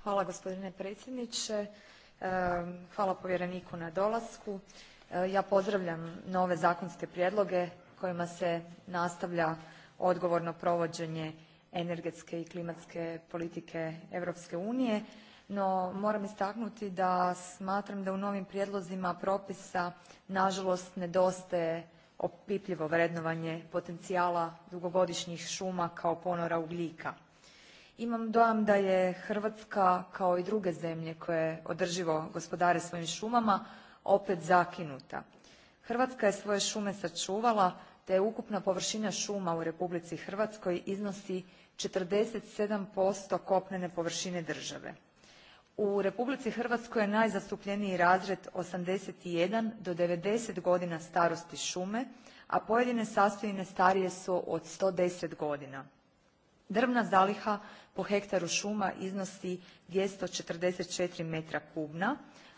Hvala gospodine predsjedniče, hvala povjereniku na dolasku. E, ja pozdravljam nove zakonske prijedloge kojima se nastavlja odgovorno provođenje energetske i klimatske politike Europske unije, no moram istaknuti da smatram da u novim prijedlozima propisa nažalost nedostaje opipljivo vrednovanje potencijala dugogodišnjih šuma kao ponora ugljika imam dojam da je Hrvatska kao i druge zemlje koje održivo gospodare svojim šumama opet zakinuta. Hrvatska je svoje šume sačuvala te je ukupna površina šuma u Republici Hrvatskoj iznosi 47% kopnene površine države. U Republici Hrvatskoj je najzastupljeniji razred 81 do 90 godina starosti šume, a pojedine sastojine starije su od 110 godina. Drvna zaliha po hektaru šuma iznosi 244 metra kubna,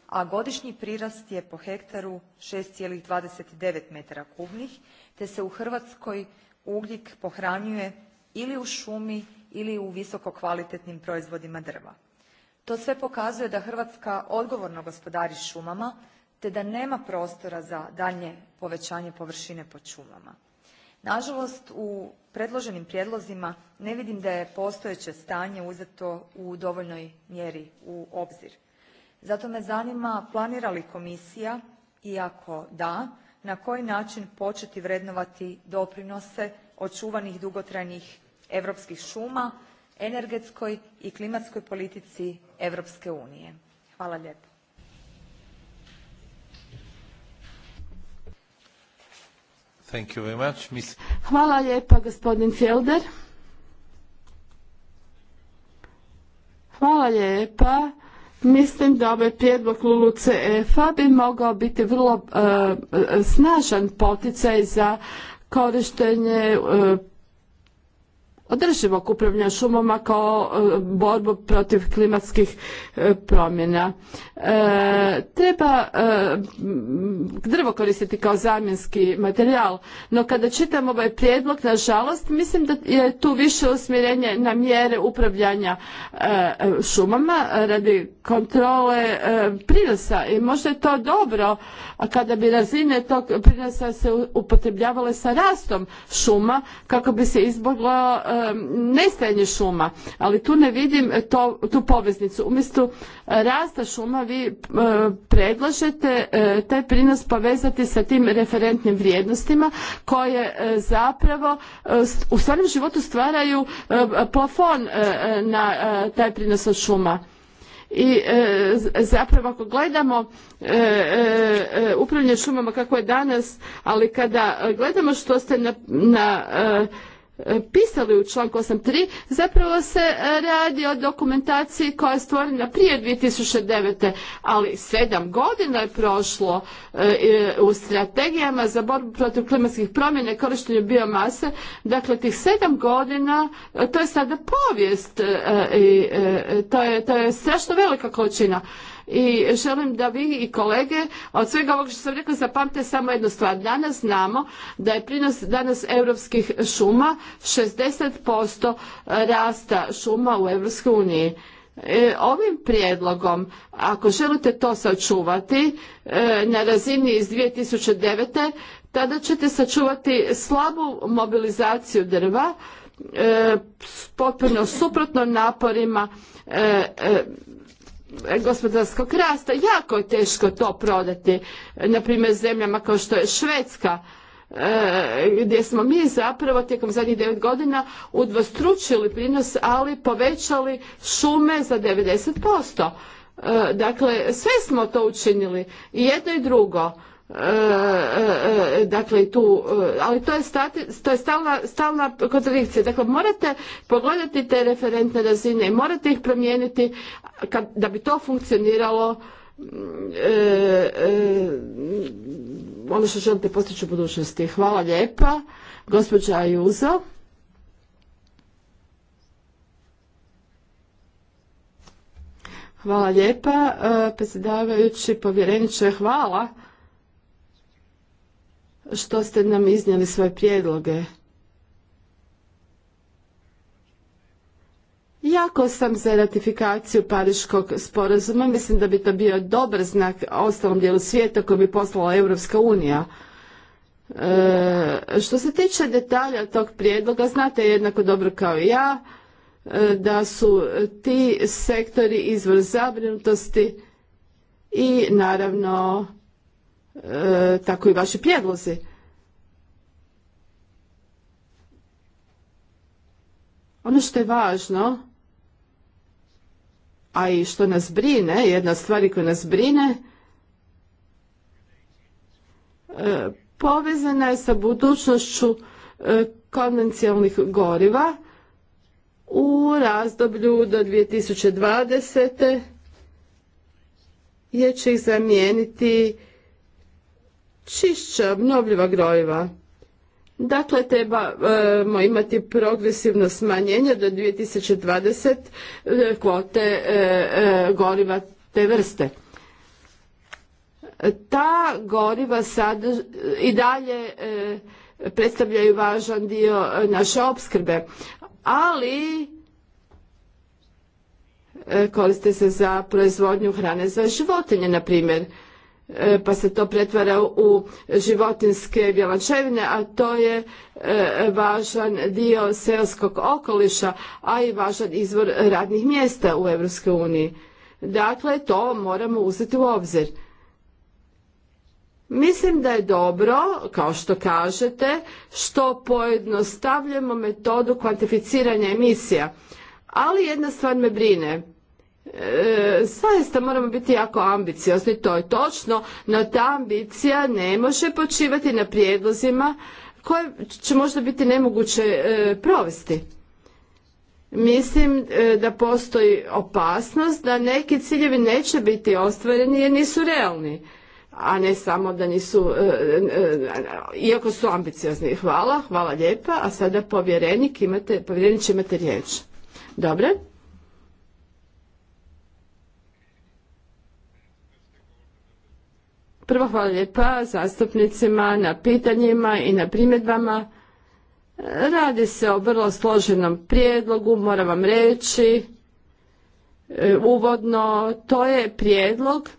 a godišnji prirast je po hektaru 6,29 metara kubnih, te se u Hrvatskoj ugljik pohranjuje ili u šumi ili u visoko kvalitetnim proizvodima drva. To sve pokazuje da Hrvatska odgovorno gospodari šumama, te da nema prostora za daljnje povećanje površine pod šumama nažalost u predloženim prijedlozima ne vidim da je postojeće stanje uzeto u dovoljnoj mjeri u obzir zato me zanima planira li komisija i ako da na koji način početi vrednovati doprinose očuvanih dugotrajnih europskih šuma energetskoj i klimatskoj politici europske unije. hvala lijepo. Hvala lijepa gospodin Felder. Hvala lijepa. Mislim da ovaj prijedlog LULUCF-a bi mogao biti vrlo eh, eh, snažan poticaj za korištenje eh, održivog upravljanja šumama kao e, borbu protiv klimatskih e, promjena. E, treba drvo koristiti kao zamjenski materijal, no kada čitam ovaj prijedlog, nažalost, mislim da je tu više usmjerenje na mjere upravljanja šumama radi kontrole prinosa i možda je to dobro kada bi razine tog prinosa se upotrebljavale sa rastom šuma kako bi se izboglo Um, nestajanje šuma, ali tu ne vidim tu poveznicu. Umjesto uh, rasta šuma vi uh, predlažete uh, taj prinos povezati sa tim referentnim vrijednostima koje zapravo u stvarnom životu stvaraju plafon na taj prinos od šuma i zapravo ako gledamo upravljanje šumama kako je danas ali kada gledamo što ste na, na E, pisali u članku 8.3 zapravo se e, radi o dokumentaciji koja je stvorena prije 2009. ali sedam godina je prošlo e, u strategijama za borbu protiv klimatskih promjena i korištenju biomase. Dakle, tih sedam godina to je sada povijest i to je, to je strašno velika količina i želim da vi i kolege od svega ovog što sam rekla zapamte samo jednu stvar. Danas znamo da je prinos danas europskih šuma 60% e, rasta šuma u EU. uniji. E, ovim prijedlogom, ako želite to sačuvati e, na razini iz 2009. tada ćete sačuvati slabu mobilizaciju drva, potpuno suprotno naporima E, gospodarskog rasta. Jako je teško to prodati, na naprimjer zemljama kao što je Švedska, e, gdje smo mi zapravo tijekom zadnjih devet godina udvostručili prinos, ali povećali šume za 90%. E, dakle, sve smo to učinili, i jedno i drugo. E, e, e, dakle tu, ali to je, stati, to je stalna, stalna kontradikcija. Dakle, morate pogledati te referentne razine i morate ih promijeniti kad, da bi to funkcioniralo mm, e, e, ono što želite postići u budućnosti. Hvala lijepa. Gospođa Ajuzo. Hvala lijepa, predsjedavajući povjereniče, hvala što ste nam iznijeli svoje prijedloge. Jako sam za ratifikaciju Pariškog sporazuma. Mislim da bi to bio dobar znak ostalom dijelu svijeta koji bi poslala Europska unija. E, što se tiče detalja tog prijedloga, znate jednako dobro kao i ja e, da su ti sektori izvor zabrinutosti i naravno E, tako i vaši prijedlozi. Ono što je važno, a i što nas brine, jedna stvari koja nas brine, e, povezana je sa budućnošću e, konvencijalnih goriva u razdoblju do 2020. jer će ih zamijeniti čišća obnovljiva grojiva. Dakle, trebamo e, imati progresivno smanjenje do 2020 e, kvote e, goriva te vrste. Ta goriva sad i dalje predstavljaju važan dio naše opskrbe, ali koriste se za proizvodnju hrane za životinje, na primjer. E, pa se to pretvara u životinske vjelačevine, a to je e, važan dio seoskog okoliša, a i važan izvor radnih mjesta u EU. Dakle, to moramo uzeti u obzir. Mislim da je dobro, kao što kažete, što pojednostavljamo metodu kvantificiranja emisija. Ali jedna stvar me brine. E, zaista moramo biti jako ambiciozni, to je točno, no ta ambicija ne može počivati na prijedlozima koje će možda biti nemoguće e, provesti. Mislim e, da postoji opasnost da neki ciljevi neće biti ostvareni jer nisu realni, a ne samo da nisu, iako su ambiciozni. Hvala, hvala lijepa, a sada povjerenik imate, će imate riječ. Dobro? Prvo hvala lijepa zastupnicima na pitanjima i na primjedbama. Radi se o vrlo složenom prijedlogu, moram vam reći. E, uvodno, to je prijedlog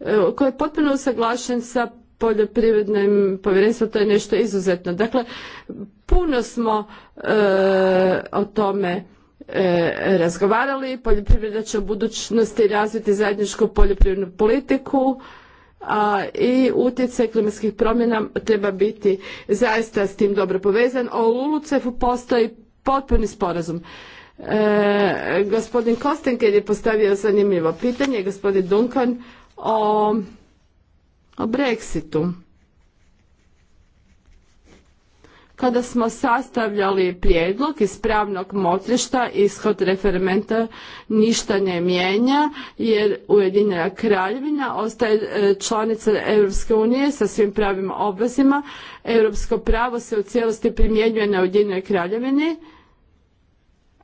e, koji je potpuno usaglašen sa poljoprivrednim povjerenstvom, to je nešto izuzetno. Dakle, puno smo e, o tome razgovarali, poljoprivreda će u budućnosti razviti zajedničku poljoprivrednu politiku, a i utjecaj klimatskih promjena treba biti zaista s tim dobro povezan. O lulucef postoji potpuni sporazum. E, gospodin Kostenkel je postavio zanimljivo pitanje, gospodin Duncan, o, o Brexitu. kada smo sastavljali prijedlog iz pravnog motrišta ishod referenta ništa ne mijenja jer Ujedinjena kraljevina ostaje e, članica Europske unije sa svim pravim obvezima. Europsko pravo se u cijelosti primjenjuje na Ujedinjenoj kraljevini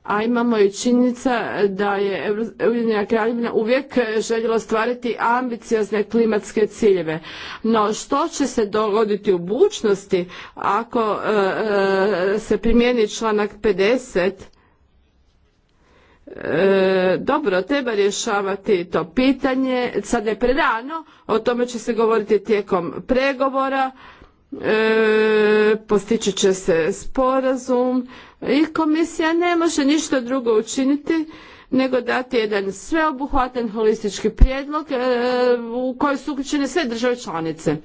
a imamo i činjenica da je Ujedinjena kraljevina uvijek željela stvariti ambiciozne klimatske ciljeve. No što će se dogoditi u bučnosti ako e, e, se primijeni članak 50 e, dobro, treba rješavati to pitanje. Sad je predano, o tome će se govoriti tijekom pregovora, postići će se sporazum, i komisija ne može ništa drugo učiniti nego dati jedan sveobuhvatan holistički prijedlog e, u koji su uključene sve države članice.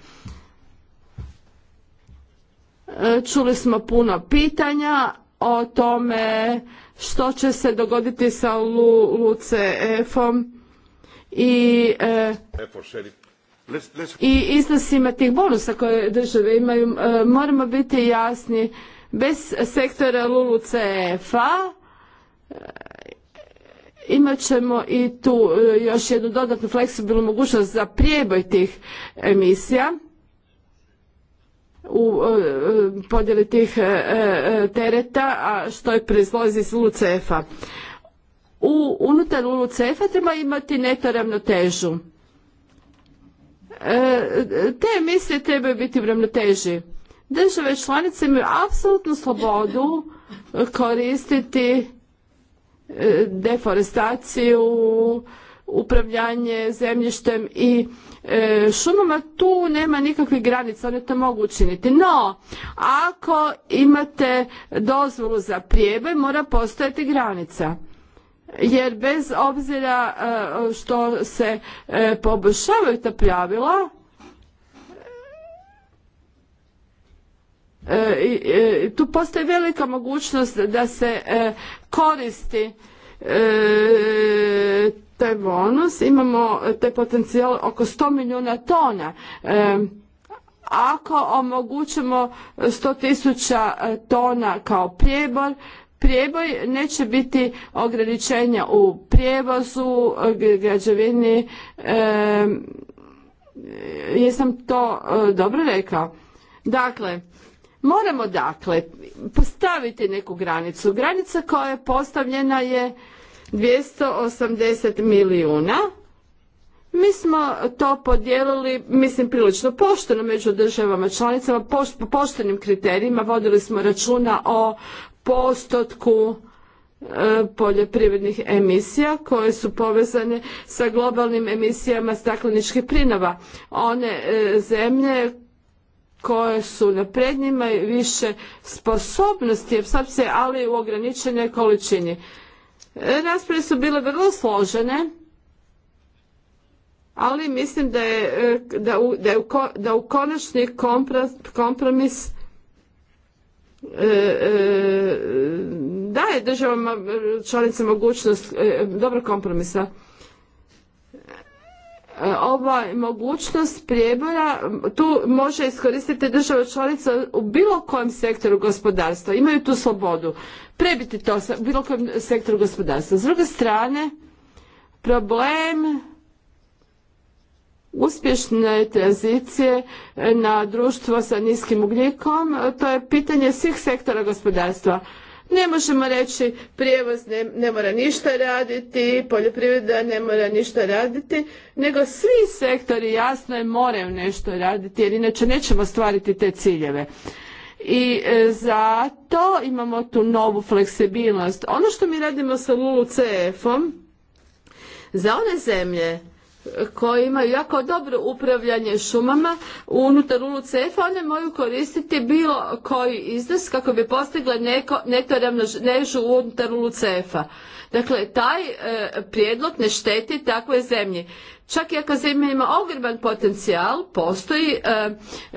E, čuli smo puno pitanja o tome što će se dogoditi sa LUCF-om i, e, i iznosima tih bonusa koje države imaju. Moramo biti jasni Bez sektora lulu cfa e, imat ćemo i tu e, još jednu dodatnu fleksibilnu mogućnost za prijeboj tih emisija u e, podjeli tih tereta, a što je proizlazi iz lulu cf U, unutar lulu cf treba imati neto ravnotežu. te emisije trebaju biti u ravnoteži. Države članice imaju apsolutnu slobodu e, koristiti e, deforestaciju, upravljanje zemljištem i e, šumama tu nema nikakvih granica, one to mogu učiniti. No, ako imate dozvolu za prijebe mora postojati granica. Jer bez obzira što se poboljšavaju ta pravila, E, e, tu postoji velika mogućnost da se e, koristi taj bonus, imamo taj potencijal oko 100 milijuna tona. Ako omogućimo 100 tisuća tona kao prijebor, prijeboj neće biti ograničenja u prijevozu, građevini. Jesam to dobro rekao? Dakle, Moramo dakle postaviti neku granicu. Granica koja je postavljena je 280 milijuna. Mi smo to podijelili, mislim, prilično pošteno među državama članicama, po poštenim kriterijima vodili smo računa o postotku e, poljoprivrednih emisija koje su povezane sa globalnim emisijama stakleničkih plinova. One e, zemlje koje su na i više sposobnosti apsorpcije, ali u ograničenoj količini. E, rasprave su bile vrlo složene, ali mislim da je, e, da u, da u, da u konačni kompromis e, daje državama članice mogućnost dobrog dobro kompromisa. E, ova mogućnost prijebora tu može iskoristiti država članica u bilo kojem sektoru gospodarstva. Imaju tu slobodu. Prebiti to u bilo kojem sektoru gospodarstva. S druge strane, problem uspješne tranzicije e, na društvo sa niskim ugljikom, e, to je pitanje svih sektora gospodarstva. Ne možemo reći prijevoz ne, mora ništa raditi, poljoprivreda ne mora ništa raditi, nego svi sektori jasno je moraju nešto raditi jer inače nećemo stvariti te ciljeve i e, zato imamo tu novu fleksibilnost. Ono što mi radimo sa LULU om za one zemlje koji imaju jako dobro upravljanje šumama unutar ULUCF-a, one moju koristiti bilo koji iznos kako bi postigle neko, neto ravnožnežu unutar ULUCF-a. Dakle, taj e, prijedlog ne šteti takvoj zemlji. Čak i ako zemlja ima ogroman potencijal, postoji e,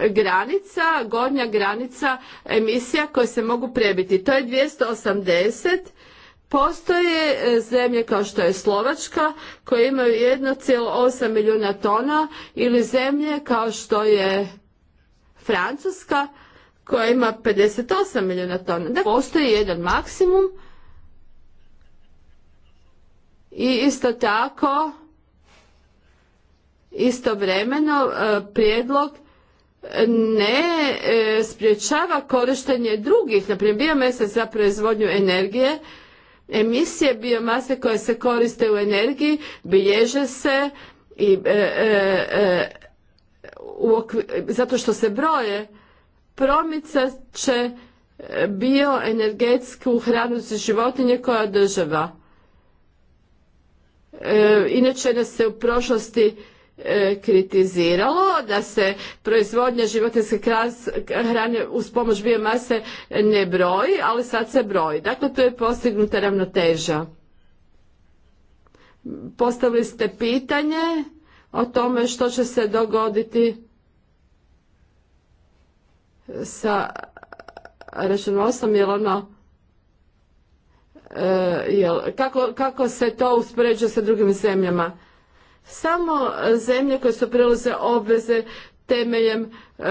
granica, gornja granica emisija koje se mogu prebiti. To je 280 Postoje e, zemlje kao što je Slovačka koje imaju 1,8 milijuna tona ili zemlje kao što je Francuska koja ima 58 milijuna tona. Dakle, postoji jedan maksimum i isto tako istovremeno e, prijedlog ne e, sprječava korištenje drugih, na primjer biomesa za proizvodnju energije Emisije biomase koje se koriste u energiji bilježe se i e, e, e, zato što se broje promicat će bioenergetsku hranu za životinje koja država. inače nas se u prošlosti E, kritiziralo da se proizvodnja životinske hrane uz pomoć biomase ne broji, ali sad se broji. Dakle, tu je postignuta ravnoteža. Postavili ste pitanje o tome što će se dogoditi sa računovodstvom, jel ono e, jel, kako, kako se to uspoređuje sa drugim zemljama samo e, zemlje koje su priloze obveze temeljem e,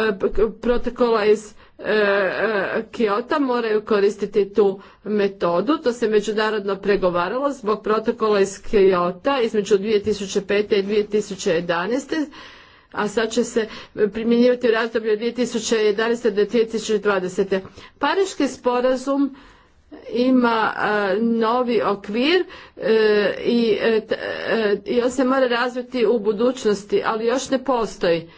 protokola iz e, Kiota moraju koristiti tu metodu. To se međunarodno pregovaralo zbog protokola iz Kiota između 2005. i 2011 a sad će se primjenjivati u razdoblju od 2011. do 2020. Pariški sporazum ima e, novi okvir e, i, uh, i on se mora razviti u budućnosti, ali još ne postoji.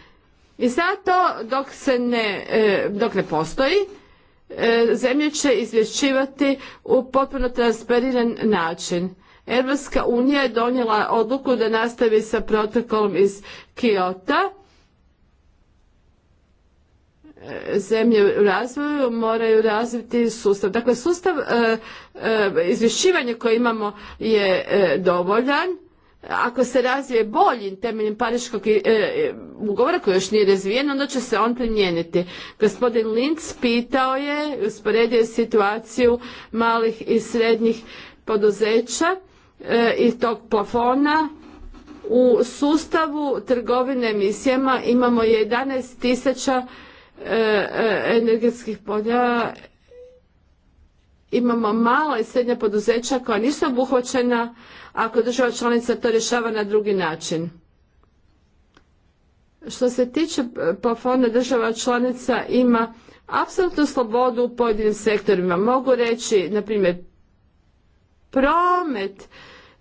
I zato dok se ne, dok ne postoji, zemlje će izvješćivati u potpuno transpariran način. Europska unija je donijela odluku da nastavi sa protokolom iz Kiota zemlje u razvoju moraju razviti sustav. Dakle, sustav e, e, izvješćivanja koje imamo je e, dovoljan. Ako se razvije bolji temeljem pariškog ugovora koji još nije razvijen, onda će se on primijeniti. Gospodin Linz pitao je, usporedio situaciju malih i srednjih poduzeća i tog plafona u sustavu trgovine emisijama imamo 11 tisuća E, e, energetskih polja imamo mala i srednja poduzeća koja nisu obuhvaćena ako država članica to rješava na drugi način. Što se tiče e, plafona država članica ima apsolutnu slobodu u pojedinim sektorima. Mogu reći, na primjer, promet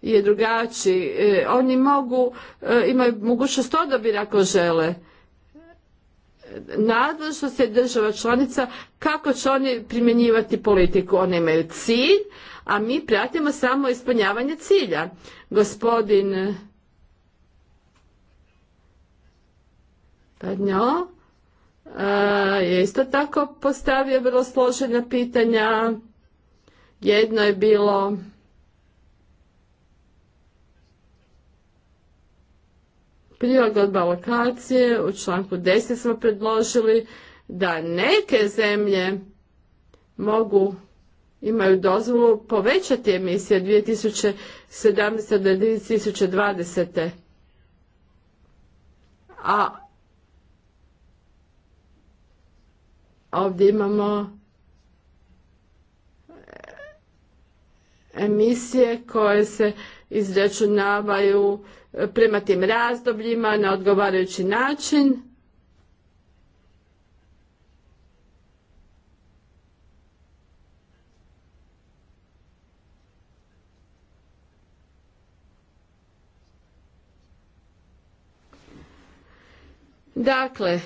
je drugačiji. Oni mogu, imaju mogućnost odabira ako žele nadležnost je država članica kako će oni primjenjivati politiku. Oni imaju cilj, a mi pratimo samo ispunjavanje cilja. Gospodin Padnjo je isto tako postavio vrlo složena pitanja. Jedno je bilo Prilagodba lokacije u članku 10 smo predložili da neke zemlje mogu imaju dozvolu povećati emisije 2017. do 2020. A ovdje imamo e, emisije koje se izračunavaju prema tim razdobljima na odgovarajući način. Dakle,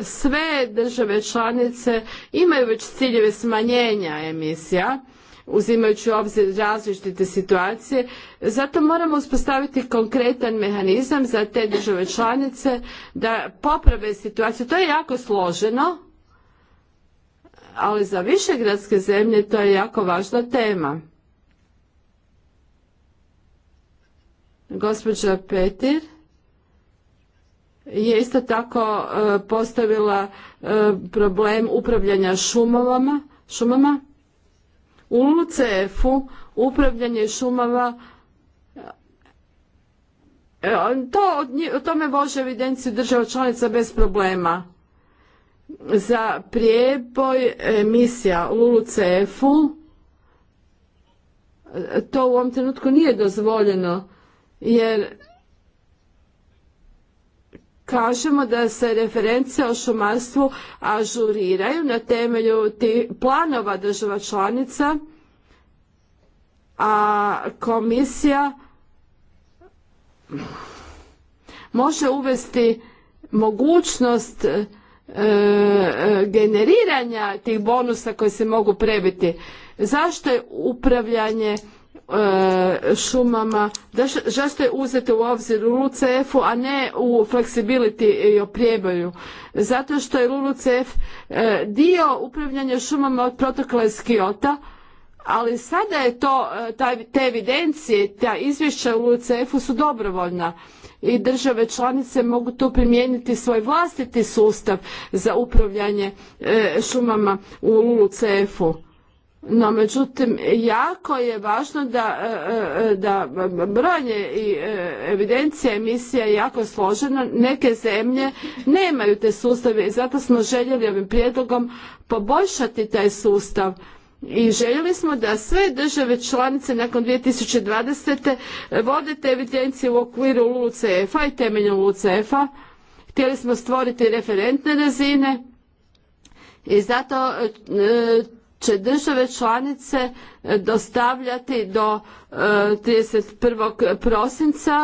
sve države članice imaju već ciljeve smanjenja emisija uzimajući u obzir različite situacije. Zato moramo uspostaviti konkretan mehanizam za te države članice da poprave situaciju. To je jako složeno, ali za višegradske zemlje to je jako važna tema. Gospođa Petir je isto tako e, postavila e, problem upravljanja šumovama, šumama. U ucf u upravljanje šumama e, to, o tome može evidenciju država članica bez problema. Za prijeboj emisija LULUCF-u e, to u ovom trenutku nije dozvoljeno jer kažemo da se referencije o šumarstvu ažuriraju na temelju planova država članica, a komisija može uvesti mogućnost e, generiranja tih bonusa koji se mogu prebiti. Zašto je upravljanje E, šumama, da zašto je uzete u obzir u lucf u a ne u fleksibiliti i oprijebaju. Zato što je lucF e, dio upravljanja šumama od protokola iz ali sada je to, e, te evidencije, ta izvješća u lucf u su dobrovoljna i države članice mogu tu primijeniti svoj vlastiti sustav za upravljanje šumama u lucf u no, međutim, jako je važno da, e, e, e, da brojanje i evidencija emisija je jako složeno. Neke zemlje nemaju te sustave i zato smo željeli ovim prijedlogom poboljšati taj sustav. I željeli smo da sve države članice nakon 2020. vode te evidencije u okviru lucf i temelju lucf Htjeli smo stvoriti referentne razine i zato će države članice e, dostavljati do 31. E, prosinca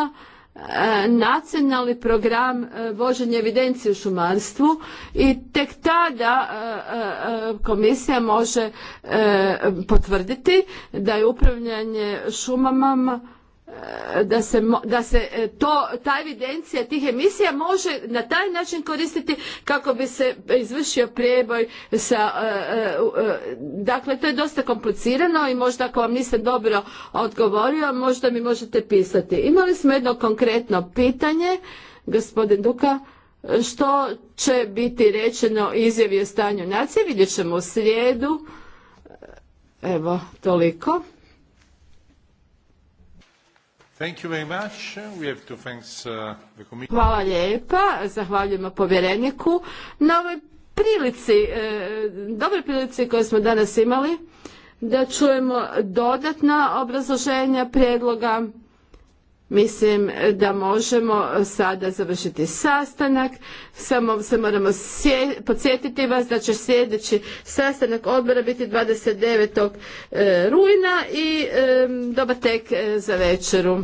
e, nacionalni program voženje evidencije u šumarstvu i tek tada komisija može potvrditi da je upravljanje šumama E, da se, da se e, to, ta evidencija tih emisija može na taj način koristiti kako bi se izvršio prijeboj sa e, dakle to je dosta komplicirano i možda ako vam nisam dobro odgovorio možda mi možete pisati. Imali smo jedno konkretno pitanje gospodin Duka što će biti rečeno izjavi o stanju nacije vidjet ćemo u srijedu evo toliko Uh, Hvala lijepa, zahvaljujemo povjereniku na ovoj prilici, e, dobroj prilici koju smo danas imali da čujemo dodatna obrazloženja prijedloga Mislim da možemo sada završiti sastanak. Samo se moramo podsjetiti vas da će sljedeći sastanak odbora biti 29. E, rujna i dobar tek e, za večeru.